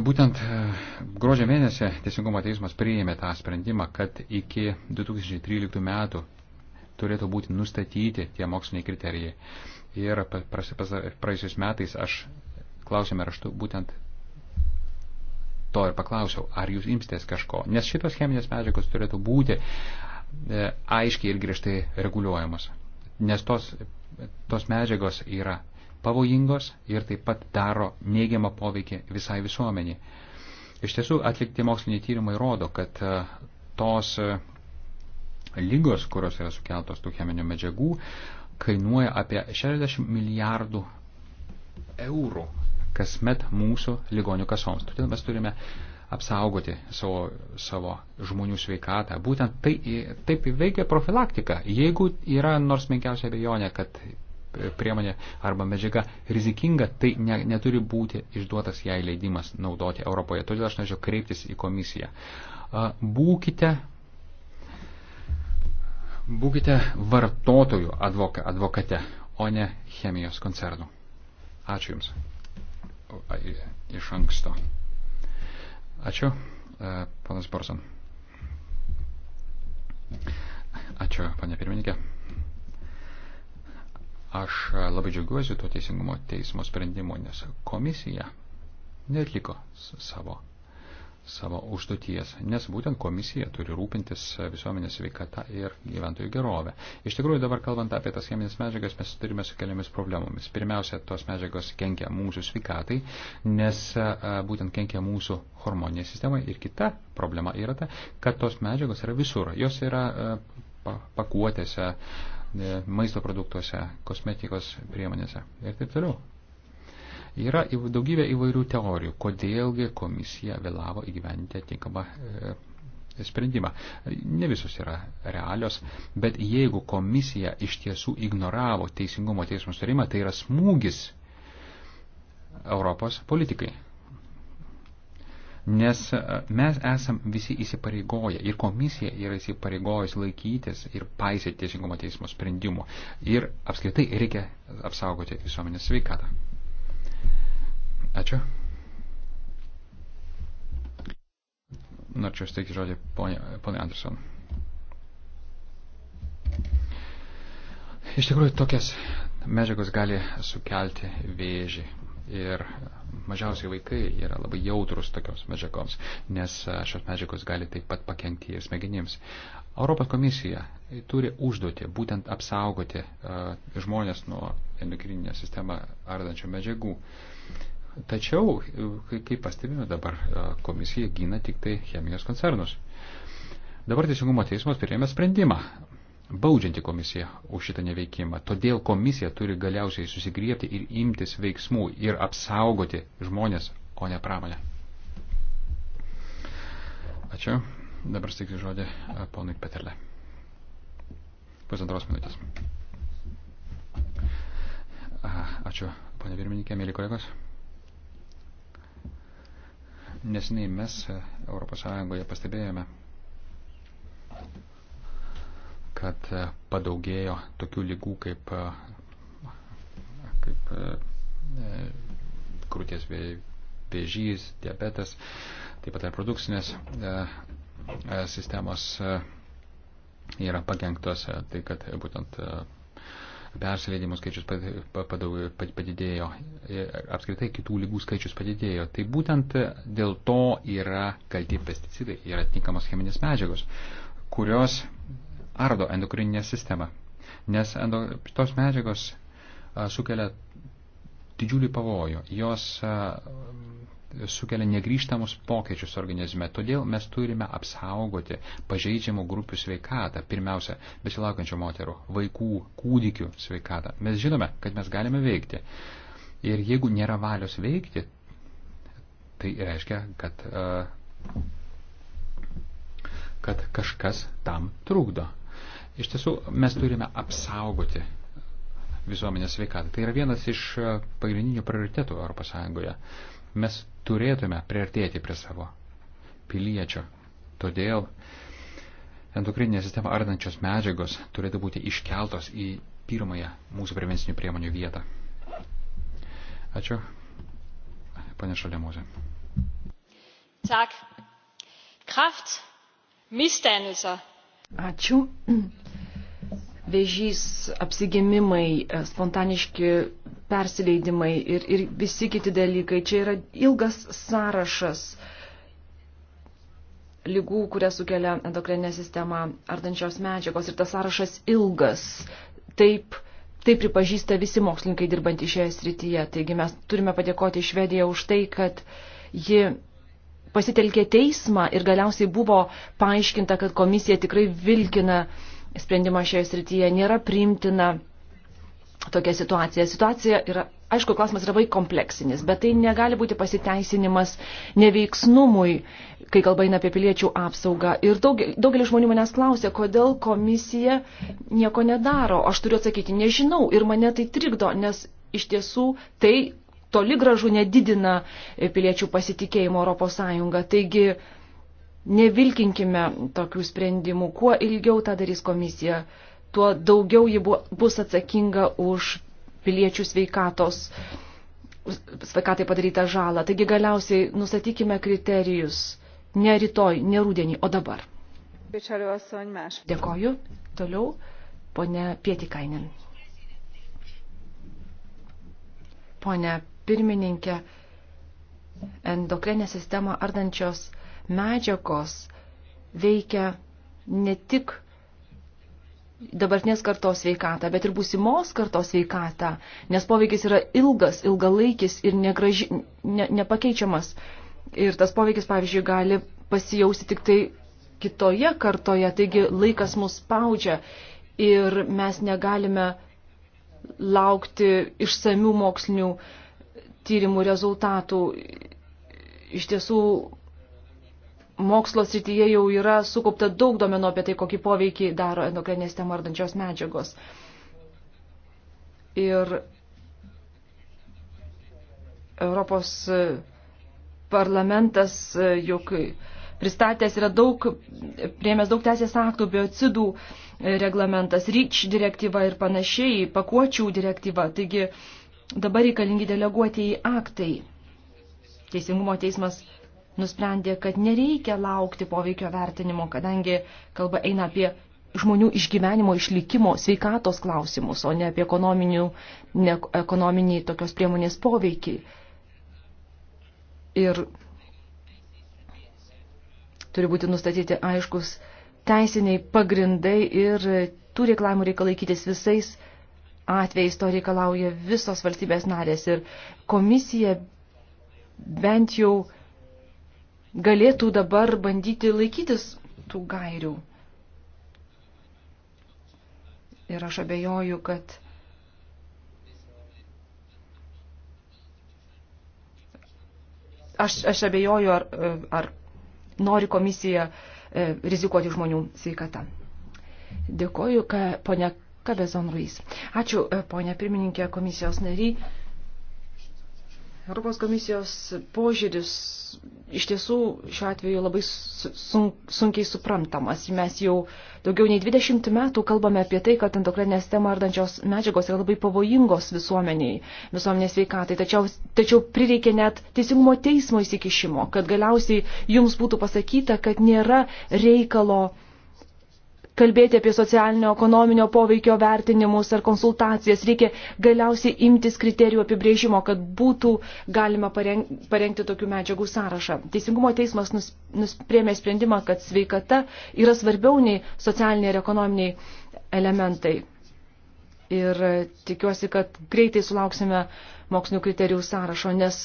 Būtent e, gruodžio mėnesį Teisingumo teismas priėmė tą sprendimą, kad iki 2013 metų turėtų būti nustatyti tie moksliniai kriterijai. Ir praėjusiais metais aš klausėme raštu būtent to ir paklausiau, ar jūs imstės kažko. Nes šitos cheminės medžiagos turėtų būti e, aiškiai ir griežtai reguliuojamos. Nes tos tos medžiagos yra pavojingos ir taip pat daro neigiamą poveikį visai visuomeniai. Iš tiesų atlikti moksliniai tyrimai rodo, kad e, tos e, lygos, kurios yra sukeltos tų cheminių medžiagų, kainuoja apie 60 milijardų eurų kasmet mūsų ligonių kasoms. Todėl mes turime uh, apsaugoti savo, savo žmonių sveikatą. Būtent tai, taip veikia profilaktika. Jeigu yra nors menkiausia abejonė, kad priemonė arba medžiaga rizikinga, tai ne, neturi būti išduotas jai leidimas naudoti Europoje. Todėl aš norėčiau kreiptis į komisiją. Būkite, būkite vartotojų advoka, advokate, o ne chemijos koncernų. Ačiū Jums iš anksto. Ačiū, e, panas Borson. Ačiū, panė pirmininkė. Aš labai džiaugiuosi tuo teisingumo teismo sprendimu, nes komisija netliko savo savo užduoties, nes būtent komisija turi rūpintis visuomenės sveikata ir gyventojų gerovė. Iš tikrųjų, dabar kalbant apie tas cheminės medžiagas, mes turime su keliomis problemomis. Pirmiausia, tos medžiagos kenkia mūsų sveikatai, nes e, būtent kenkia mūsų hormoninė sistema. Ir kita problema yra ta, kad tos medžiagos yra visur. Jos yra e, pakuotėse, e, maisto produktuose, kosmetikos priemonėse ir taip toliau. Yra daugybė įvairių teorijų, kodėlgi komisija vėlavo įgyventi atinkamą e, sprendimą. Ne visos yra realios, bet jeigu komisija iš tiesų ignoravo teisingumo teismo sutarimą, tai yra smūgis Europos politikai. Nes e, mes esam visi įsipareigoję ir komisija yra įsipareigojus laikytis ir paisyti teisingumo teismo sprendimų. Ir apskritai reikia apsaugoti visuomenės sveikatą. Ačiū. Norėčiau steikti žodį ponė Anderson. Iš tikrųjų, tokias medžiagos gali sukelti vėžį. Ir mažiausiai vaikai yra labai jautrus tokioms medžiagoms, nes šios medžiagos gali taip pat pakengti ir smegenims. Europos komisija turi užduoti būtent apsaugoti uh, žmonės nuo endokrininę sistemą ardančių medžiagų. Uh, Tačiau, kaip pastebime dabar, e, komisija gina tik tai chemijos koncernus. Dabar Teisingumo teismas priėmė sprendimą baudžianti komisiją už šitą neveikimą. Todėl komisija turi galiausiai susigriepti ir imtis veiksmų ir apsaugoti žmonės, o ne pramonę. Ačiū. Dabar stiksiu žodį e, ponui Peterle. Pusantros minutės. Ačiū, ponė pirmininkė, mėly kolegos. Nesiniai mes ES pastebėjome, kad e, padaugėjo tokių lygų kaip, e, kaip e, krūties vėžys, diabetas, taip pat reprodukcinės sistemos yra pakenktos, tai kad būtent persileidimų skaičius padidėjo, e, apskritai kitų lygų skaičius padidėjo. Tai būtent dėl to yra kalti pesticidai ir atinkamos cheminės medžiagos, kurios ardo endokrininę sistemą. Nes endo, tos medžiagos a, sukelia didžiulį pavojų. Jos a, sukelia negryžtamus pokyčius organizme. Todėl mes turime apsaugoti pažeidžiamų grupių sveikatą, pirmiausia, besilaukiančių moterų, vaikų, kūdikių sveikatą. Mes žinome, kad mes galime veikti. Ir jeigu nėra valios veikti, tai reiškia, kad, e, kad kažkas tam trukdo. Iš tiesų, mes turime apsaugoti visuomenės sveikatą. Tai yra vienas iš e, pagrindinių prioritetų ES. Mes turėtume priartėti prie savo piliečio. Todėl endokrininė sistema ardančios medžiagos turėtų būti iškeltos į pirmąją mūsų prevencinių priemonių vietą. Ačiū. Pane Šalimuzė. Tak. Kraft, misdannelser. Ačiū vėžys, apsigimimai, e, spontaniški persileidimai ir, ir visi kiti dalykai. Čia yra ilgas sąrašas lygų, kurias sukelia endokrininė sistema ardančios medžiagos ir tas sąrašas ilgas. Taip, taip pripažįsta visi mokslininkai dirbantys šioje srityje. Taigi mes turime padėkoti Švediją už tai, kad ji pasitelkė teismą ir galiausiai buvo paaiškinta, kad komisija tikrai vilkina uh, sprendimą šioje srityje nėra priimtina tokia situacija. Situacija yra, aišku, klausimas yra labai kompleksinis, bet tai negali būti pasiteisinimas neveiksnumui, kai kalba eina apie piliečių apsaugą. Ir daugelis daugelį žmonių manęs klausė, kodėl komisija nieko nedaro. Aš turiu atsakyti, nežinau ir mane tai trikdo, nes iš tiesų tai toli gražu nedidina piliečių pasitikėjimo Europos Sąjunga. Taigi, Nevilkinkime tokių sprendimų. Kuo ilgiau tą darys komisija, tuo daugiau ji bus atsakinga už piliečių sveikatos, sveikatai padarytą žalą. Taigi galiausiai nustatykime kriterijus ne rytoj, ne rūdienį, o dabar. Dėkoju. Toliau ponė Pietikainen. Pone pirmininkė, endokrinę sistemą ardančios medžiagos veikia ne tik dabartinės kartos sveikatą, bet ir būsimos kartos sveikatą, nes poveikis yra ilgas, ilgalaikis ir negraži, ne, nepakeičiamas. Ir tas poveikis, pavyzdžiui, gali pasijausti tik tai kitoje kartoje, taigi laikas mus spaudžia ir mes negalime laukti išsamių mokslinių tyrimų rezultatų. Iš tiesų, mokslo srityje jau yra sukaupta daug domenų apie tai, kokį poveikį daro endokrinės sistemą ardančios medžiagos. Ir Europos parlamentas e, juk pristatęs yra daug, priemės daug teisės aktų, biocidų e, reglamentas, REACH direktyva ir panašiai, pakuočių direktyva. Taigi dabar reikalingi deleguotieji aktai. Teisingumo teismas nusprendė, kad nereikia laukti poveikio vertinimo, kadangi kalba eina apie žmonių išgyvenimo, išlikimo, sveikatos klausimus, o ne apie ne ekonominį tokios priemonės poveikį. Ir turi būti nustatyti aiškus teisiniai pagrindai ir tų reklamų reikia laikytis visais atvejais, to reikalauja visos valstybės narės. Ir komisija bent jau galėtų dabar bandyti laikytis tų gairių. Ir aš abejoju, kad aš, aš abejoju, ar, ar nori komisija e, rizikuoti žmonių sveikatą. Dėkoju, ka, ponia Kabezon Ruiz. Ačiū, e, ponia pirmininkė komisijos nariai. Europos komisijos požiūris iš tiesų šiuo atveju labai sunkiai suprantamas. Mes jau daugiau nei 20 metų kalbame apie tai, kad endokrinę sistemą ardančios medžiagos yra labai pavojingos visuomeniai, visuomenės veikatai. Tačiau, tačiau prireikė net teisingumo teismo įsikišimo, kad galiausiai jums būtų pasakyta, kad nėra reikalo kalbėti apie socialinio ekonominio poveikio vertinimus ar konsultacijas, reikia galiausiai imtis kriterijų apibrėžimo, kad būtų galima parengti tokių medžiagų sąrašą. Teisingumo teismas nusprėmė sprendimą, kad sveikata yra svarbiau nei socialiniai ir ekonominiai elementai. Ir tikiuosi, kad greitai sulauksime mokslinių kriterijų sąrašo, nes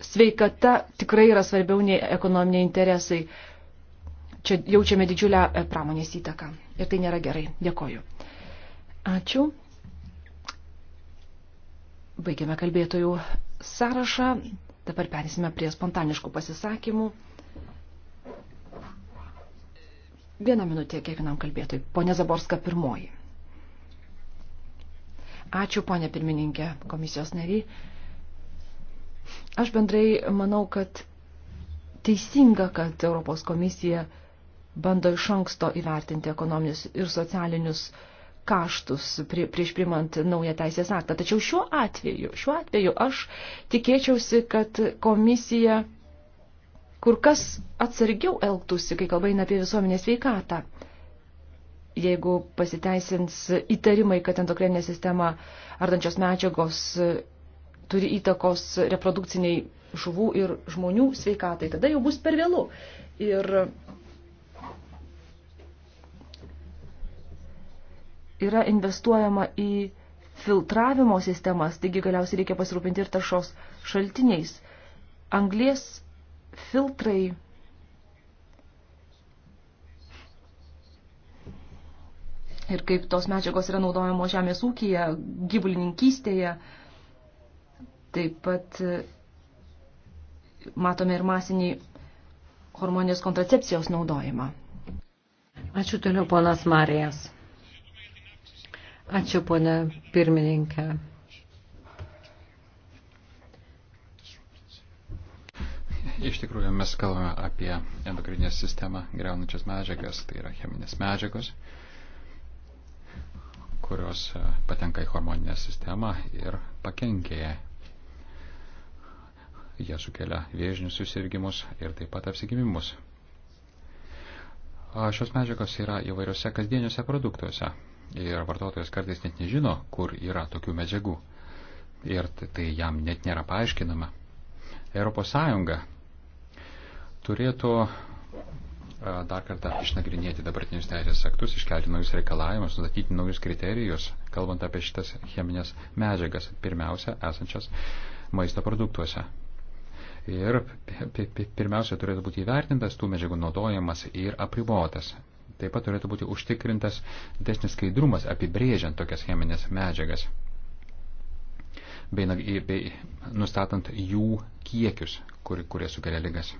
sveikata tikrai yra svarbiau nei ekonominiai interesai čia jaučiame didžiulę e, pramonės įtaką. Ir tai nėra gerai. Dėkoju. Ačiū. Baigiame kalbėtojų sąrašą. Dabar perėsime prie spontaniškų pasisakymų. Vieną minutę kiekvienam kalbėtojui. Pone Zaborska pirmoji. Ačiū, ponė pirmininkė, komisijos nariai. Aš bendrai manau, kad teisinga, kad Europos komisija bando iš anksto įvertinti ekonominius ir socialinius kaštus prie, prieš primant naują teisės aktą. Tačiau šiuo atveju, šiuo atveju aš tikėčiausi, kad komisija kur kas atsargiau elgtųsi, kai kalba eina apie visuomenės veikatą. Jeigu pasiteisins įtarimai, kad endokrininė sistema ardančios medžiagos turi įtakos reprodukciniai žuvų ir žmonių sveikatai, tada jau bus per vėlų. Ir yra investuojama į filtravimo sistemas, taigi galiausiai reikia pasirūpinti ir taršos šaltiniais. Anglės filtrai ir kaip tos medžiagos yra naudojamos žemės ūkyje, gyvulininkystėje, taip pat e, matome ir masinį hormonijos kontracepcijos naudojimą. Ačiū toliau, ponas Marijas. Ačiū, ponė pirmininkė. Iš tikrųjų, mes kalbame apie endokrininę sistemą greunančias medžiagas, tai yra cheminės medžiagos, kurios e, patenka į hormoninę sistemą ir pakenkia ją. Jie sukelia vėžinius susirgymus ir taip pat apsigimimus. Šios medžiagos yra įvairiose kasdieniuose produktuose ir vartotojas kartais net nežino, kur yra tokių medžiagų. Ir tai jam net nėra paaiškinama. ES turėtų dar kartą išnagrinėti dabartinius teisės aktus, iškelti naujus reikalavimus, nustatyti naujus kriterijus, kalbant apie šitas cheminės medžiagas, pirmiausia, esančias maisto produktuose. Ir pirmiausia, turėtų būti įvertintas tų medžiagų naudojimas ir apribotas. Taip pat turėtų būti užtikrintas desnis skaidrumas apibrėžiant tokias cheminės medžiagas bei, bei nustatant jų kiekius, kur, kurie sukelia ligas.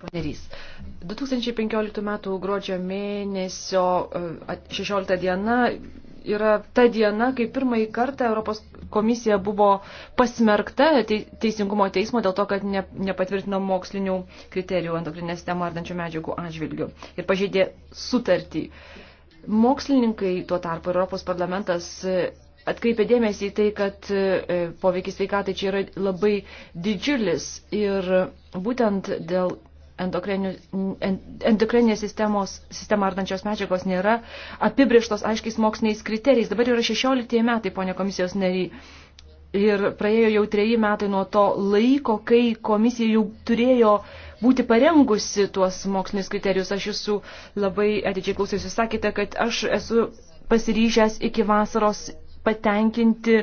Panerys. 2015 m. gruodžio mėnesio 16 e, diena yra ta diena, kai pirmąjį kartą Europos komisija buvo pasmerkta teisingumo teismo dėl to, kad ne, nepatvirtino mokslinių kriterijų endokrinės sistemą ardančių medžiagų atžvilgių ir pažeidė sutartį. Mokslininkai tuo tarpu Europos parlamentas e, atkreipė dėmesį į tai, kad e, poveikis sveikatai čia yra labai didžiulis ir būtent dėl endokrininės sistemos, sistemą ardančios medžiagos nėra apibrieštos aiškiais moksliniais kriterijais. Dabar yra 16 metai, ponė komisijos nariai. Ir praėjo jau treji metai nuo to laiko, kai komisija jau turėjo būti parengusi tuos mokslinius kriterijus. Aš jūsų labai atidžiai klausiausi. Jūs sakėte, kad aš esu pasiryžęs iki vasaros patenkinti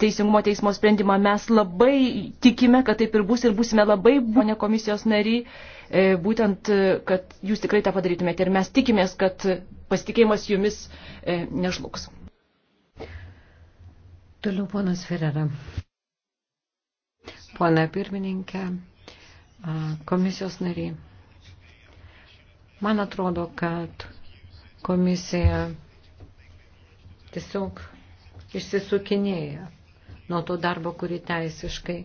Teisingumo teismo sprendimą. Mes labai tikime, kad taip ir bus ir būsime labai, ponė komisijos nariai. E, būtent, e, kad jūs tikrai tą padarytumėte ir mes tikimės, kad pasitikėjimas jumis e, nežlugs. Toliau ponas Ferrera. Pone pirmininkė, komisijos nariai. Man atrodo, kad komisija tiesiog išsisukinėja nuo to darbo, kurį teisiškai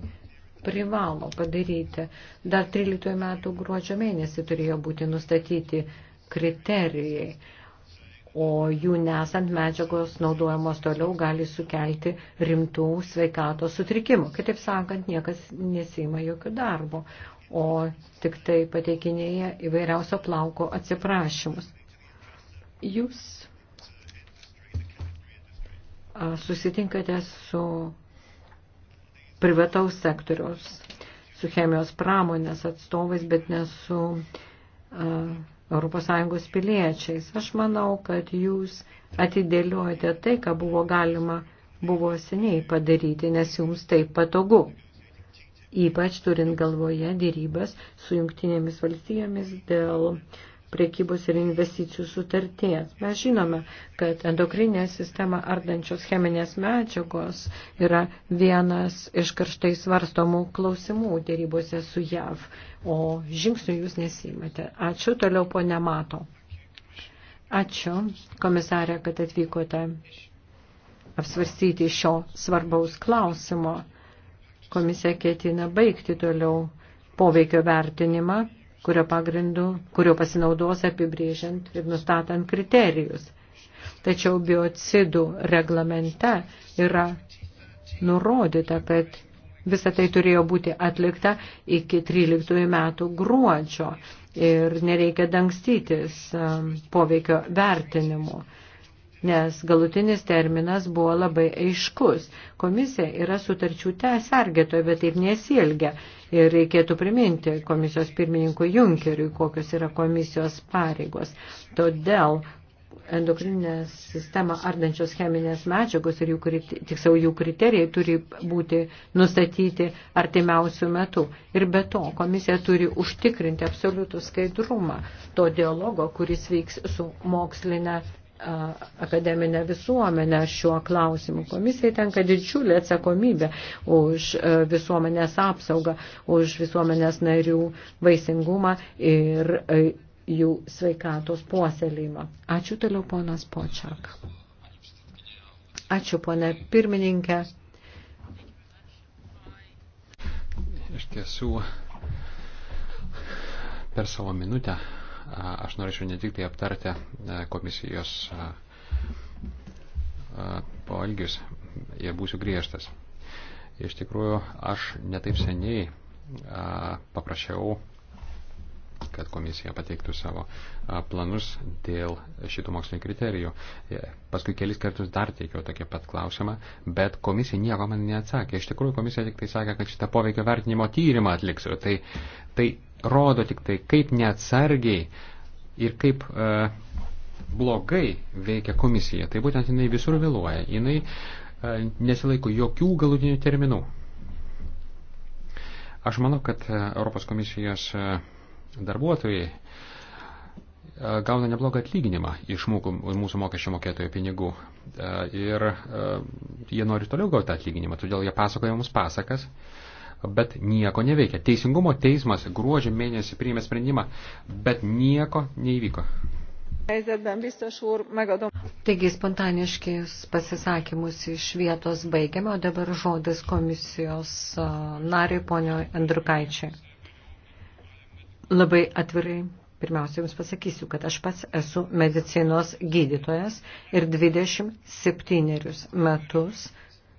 privalo padaryti. Dar 13 metų gruodžio mėnesį turėjo būti nustatyti kriterijai, o jų nesant medžiagos naudojamos toliau gali sukelti rimtų sveikatos sutrikimų. Kitaip sakant, niekas nesima jokių darbo, o tik tai pateikinėja įvairiausio plauko atsiprašymus. Jūs susitinkate su privataus sektoriaus, su chemijos pramonės atstovais, bet ne su uh, ES piliečiais. Aš manau, kad jūs atidėliojate tai, ką buvo galima buvo seniai padaryti, nes jums tai patogu. Ypač turint galvoje dėrybas su jungtinėmis valstijomis dėl uh, priekybos ir investicijų sutarties. Mes žinome, kad endokrinė sistema ardančios cheminės medžiagos yra vienas iš karštai svarstomų klausimų dėrybose su JAV, o žingsnių jūs nesimate. Ačiū, toliau po nemato. Ačiū, komisarė, kad atvykote apsvarstyti šio svarbaus klausimo. Komisija ketina baigti toliau poveikio vertinimą kurio pagrindu, kurio pasinaudos apibrėžiant ir nustatant kriterijus. Tačiau biocidų reglamente yra nurodyta, kad Visą tai turėjo būti atlikta iki 13 metų gruodžio ir nereikia dangstytis um, poveikio vertinimu nes galutinis terminas buvo labai aiškus. Komisija yra sutarčių sergėtoja, bet taip nesielgia. Ir reikėtų priminti komisijos pirmininkui Junkeriui, kokios yra komisijos pareigos. Todėl endokrininę sistemą ardančios cheminės medžiagos ir jų, tiksliau jų kriterijai turi būti nustatyti artimiausių metų. Ir be to komisija turi užtikrinti absoliutų skaidrumą to dialogo, kuris veiks su mokslinė akademinę visuomenę šiuo klausimu. Komisijai tenka didžiulė atsakomybė už visuomenės apsaugą, už visuomenės narių vaisingumą ir jų sveikatos puoselėjimą. Ačiū toliau ponas Počiak. Ačiū ponė pirmininkė. Iš tiesų, per savo minutę aš norėčiau ne tik tai aptarti e, komisijos e, e, poelgius ir būsiu griežtas. Iš tikrųjų, aš netaip seniai paprašiau, kad komisija pateiktų savo planus dėl šitų mokslinio kriterijų. Paskui kelis kartus dar teikiau tokį pat klausimą, bet komisija nieko man neatsakė. Iš tikrųjų, komisija tik tai sakė, kad šitą poveikio vertinimo tyrimą atliksiu. Tai, tai rodo tik tai, kaip neatsargiai ir kaip e, blogai veikia komisija. Tai būtent jinai visur vėluoja, jinai e, nesilaiko jokių galutinių terminų. Aš manau, kad e, Europos komisijos e, darbuotojai e, gauna neblogą atlyginimą iš mūsų mokesčio mokėtojų pinigų. Ir jie nori toliau gauti atlyginimą, todėl jie pasakoja mums pasakas, bet nieko neveikia. Teisingumo teismas gruodžio mėnesį priėmė sprendimą, bet nieko neįvyko. Taigi spontaniškis pasisakymus iš vietos baigiame, o dabar žodis komisijos nariai ponio Andrukaičiai. Labai atvirai Pirmiausia, Jums pasakysiu, kad aš pats esu medicinos gydytojas ir 27 metus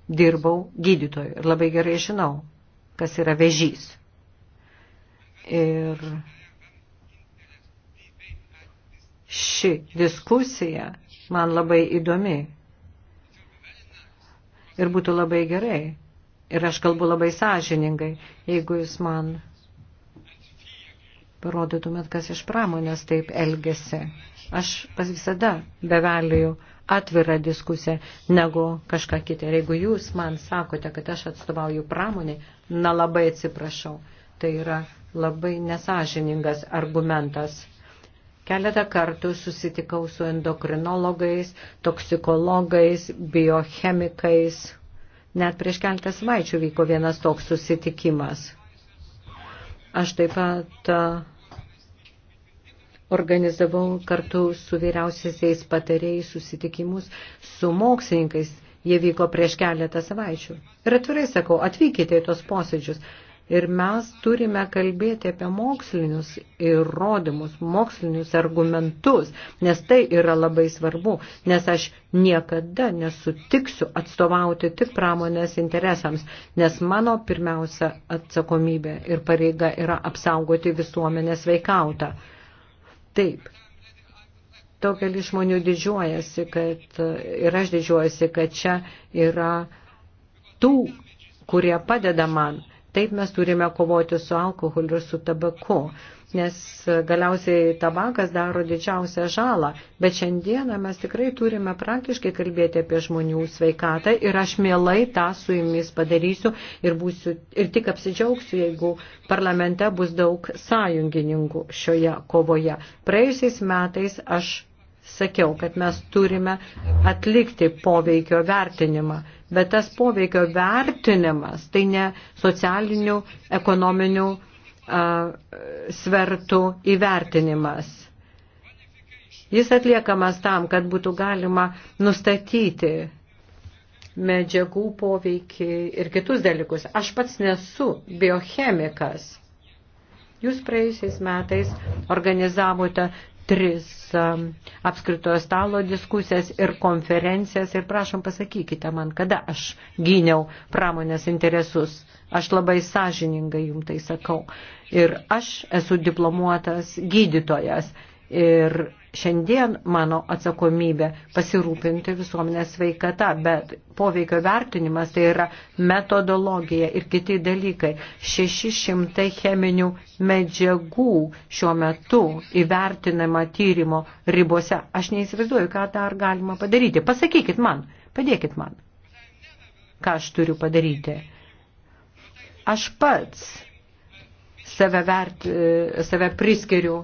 dirbau gydytoju ir labai gerai žinau, kas yra vežys. Ir ši diskusija man labai įdomi. Ir būtų labai gerai. Ir aš kalbu labai sąžiningai, jeigu jūs man parodytumėt, kas iš pramonės taip elgesi. Aš pas visada beveliju atvirą diskusiją negu kažką kitą. Ir jeigu jūs man sakote, kad aš atstovauju pramonį, Na labai atsiprašau, tai yra labai nesažiningas argumentas. Keletą kartų susitikau su endokrinologais, toksikologais, biochemikais. Net prieš keletą savaičių vyko vienas toks susitikimas. Aš taip pat organizavau kartu su vyriausiaisiais patarėjais susitikimus su mokslininkais Jie vyko prieš keletą savaičių. Ir atvirai sakau, atvykite į tos posėdžius. Ir mes turime kalbėti apie mokslinius įrodymus, mokslinius argumentus, nes tai yra labai svarbu, nes aš niekada nesutiksiu atstovauti tik pramonės interesams, nes mano pirmiausia atsakomybė ir pareiga yra apsaugoti visuomenės veikautą. Taip, daugelis žmonių didžiuojasi, kad ir aš didžiuojasi, kad čia yra tų, kurie padeda man. Taip mes turime kovoti su alkoholiu ir su tabaku nes galiausiai tabakas daro didžiausią žalą. Bet šiandieną mes tikrai turime praktiškai kalbėti apie žmonių sveikatą ir aš mielai tą su jumis padarysiu ir, būsiu, ir tik apsidžiaugsiu, jeigu parlamente bus daug sąjungininkų šioje kovoje. Praėjusiais metais aš sakiau, kad mes turime atlikti poveikio vertinimą. Bet tas poveikio vertinimas tai ne socialinių, ekonominių svertų įvertinimas. Jis atliekamas tam, kad būtų galima nustatyti medžiagų poveikį ir kitus dalykus. Aš pats nesu biochemikas. Jūs praėjusiais metais organizavote tris apskritojo stalo diskusijas ir konferencijas ir prašom pasakykite man, kada aš gyniau pramonės interesus. Aš labai sąžiningai jum tai sakau. Ir aš esu diplomuotas gydytojas. Ir šiandien mano atsakomybė pasirūpinti visuomenės sveikata, bet poveikio vertinimas tai yra metodologija ir kiti dalykai. 600 cheminių medžiagų šiuo metu įvertinama tyrimo ribose. Aš neįsivaizduoju, ką dar galima padaryti. Pasakykit man, padėkit man, ką aš turiu padaryti. Aš pats save, vert, save priskiriu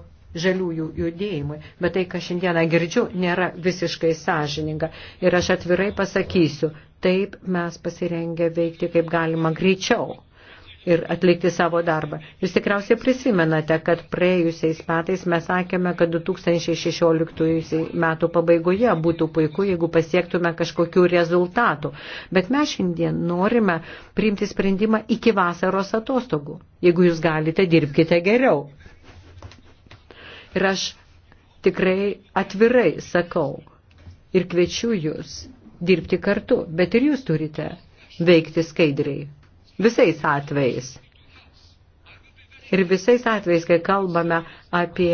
žaliųjų judėjimui, bet tai, ką šiandieną girdžiu, nėra visiškai sąžininga. Ir aš atvirai pasakysiu, taip mes pasirengę veikti kaip galima greičiau ir atlikti savo darbą. Jūs tikriausiai prisimenate, kad praėjusiais metais mes sakėme, kad 2016 metų pabaigoje būtų puiku, jeigu pasiektume kažkokių rezultatų. Bet mes šiandien norime priimti sprendimą iki vasaros atostogų. Jeigu jūs galite, dirbkite geriau. Ir aš tikrai atvirai sakau ir kviečiu jūs dirbti kartu, bet ir jūs turite veikti skaidriai. Visais atvejais. Ir visais atvejais, kai kalbame apie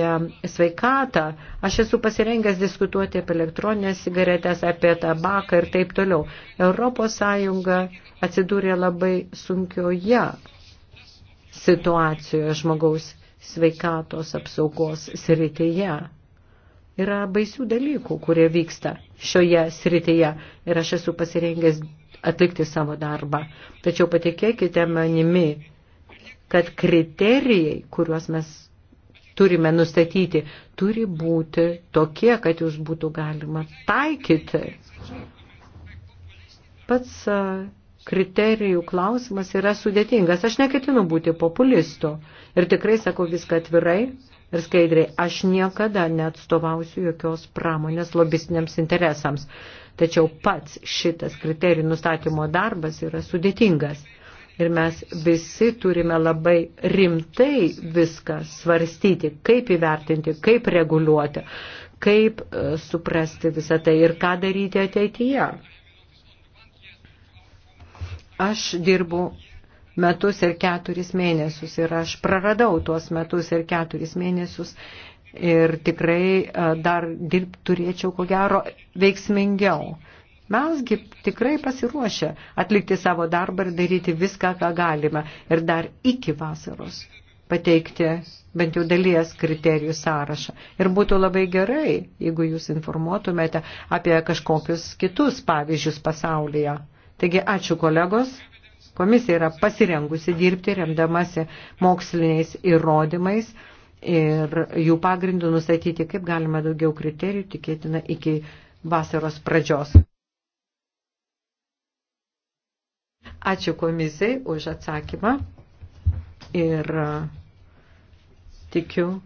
sveikatą, aš esu pasirengęs diskutuoti apie elektroninės cigaretės, apie tabaką ir taip toliau. Europos Sąjunga atsidūrė labai sunkioje situacijoje žmogaus sveikatos apsaugos srityje. Yra baisių dalykų, kurie vyksta šioje srityje ir aš esu pasirengęs atlikti savo darbą. Tačiau patikėkite manimi, kad kriterijai, kuriuos mes turime nustatyti, turi būti tokie, kad jūs būtų galima taikyti. Pats kriterijų klausimas yra sudėtingas. Aš neketinu būti populistu ir tikrai sakau viską atvirai ir skaidriai, aš niekada neatstovausiu jokios pramonės lobistiniams interesams. Tačiau pats šitas kriterijų nustatymo darbas yra sudėtingas. Ir mes visi turime labai rimtai viską svarstyti, kaip įvertinti, kaip reguliuoti, kaip e, suprasti visą tai ir ką daryti ateityje. Aš dirbu metus ir keturis mėnesius ir aš praradau tuos metus ir keturis mėnesius ir tikrai e, dar dirbti turėčiau ko gero veiksmingiau. Mesgi tikrai pasiruošę atlikti savo darbą ir daryti viską, ką galime ir dar iki vasaros pateikti bent jau dalies kriterijų sąrašą. Ir būtų labai gerai, jeigu jūs informuotumėte apie kažkokius kitus pavyzdžius pasaulyje. Taigi ačiū kolegos. Komisija yra pasirengusi dirbti remdamasi moksliniais įrodymais ir jų pagrindų nustatyti, kaip galima daugiau kriterijų tikėtina iki vasaros pradžios. Ačiū komisijai už atsakymą ir e, tikiu,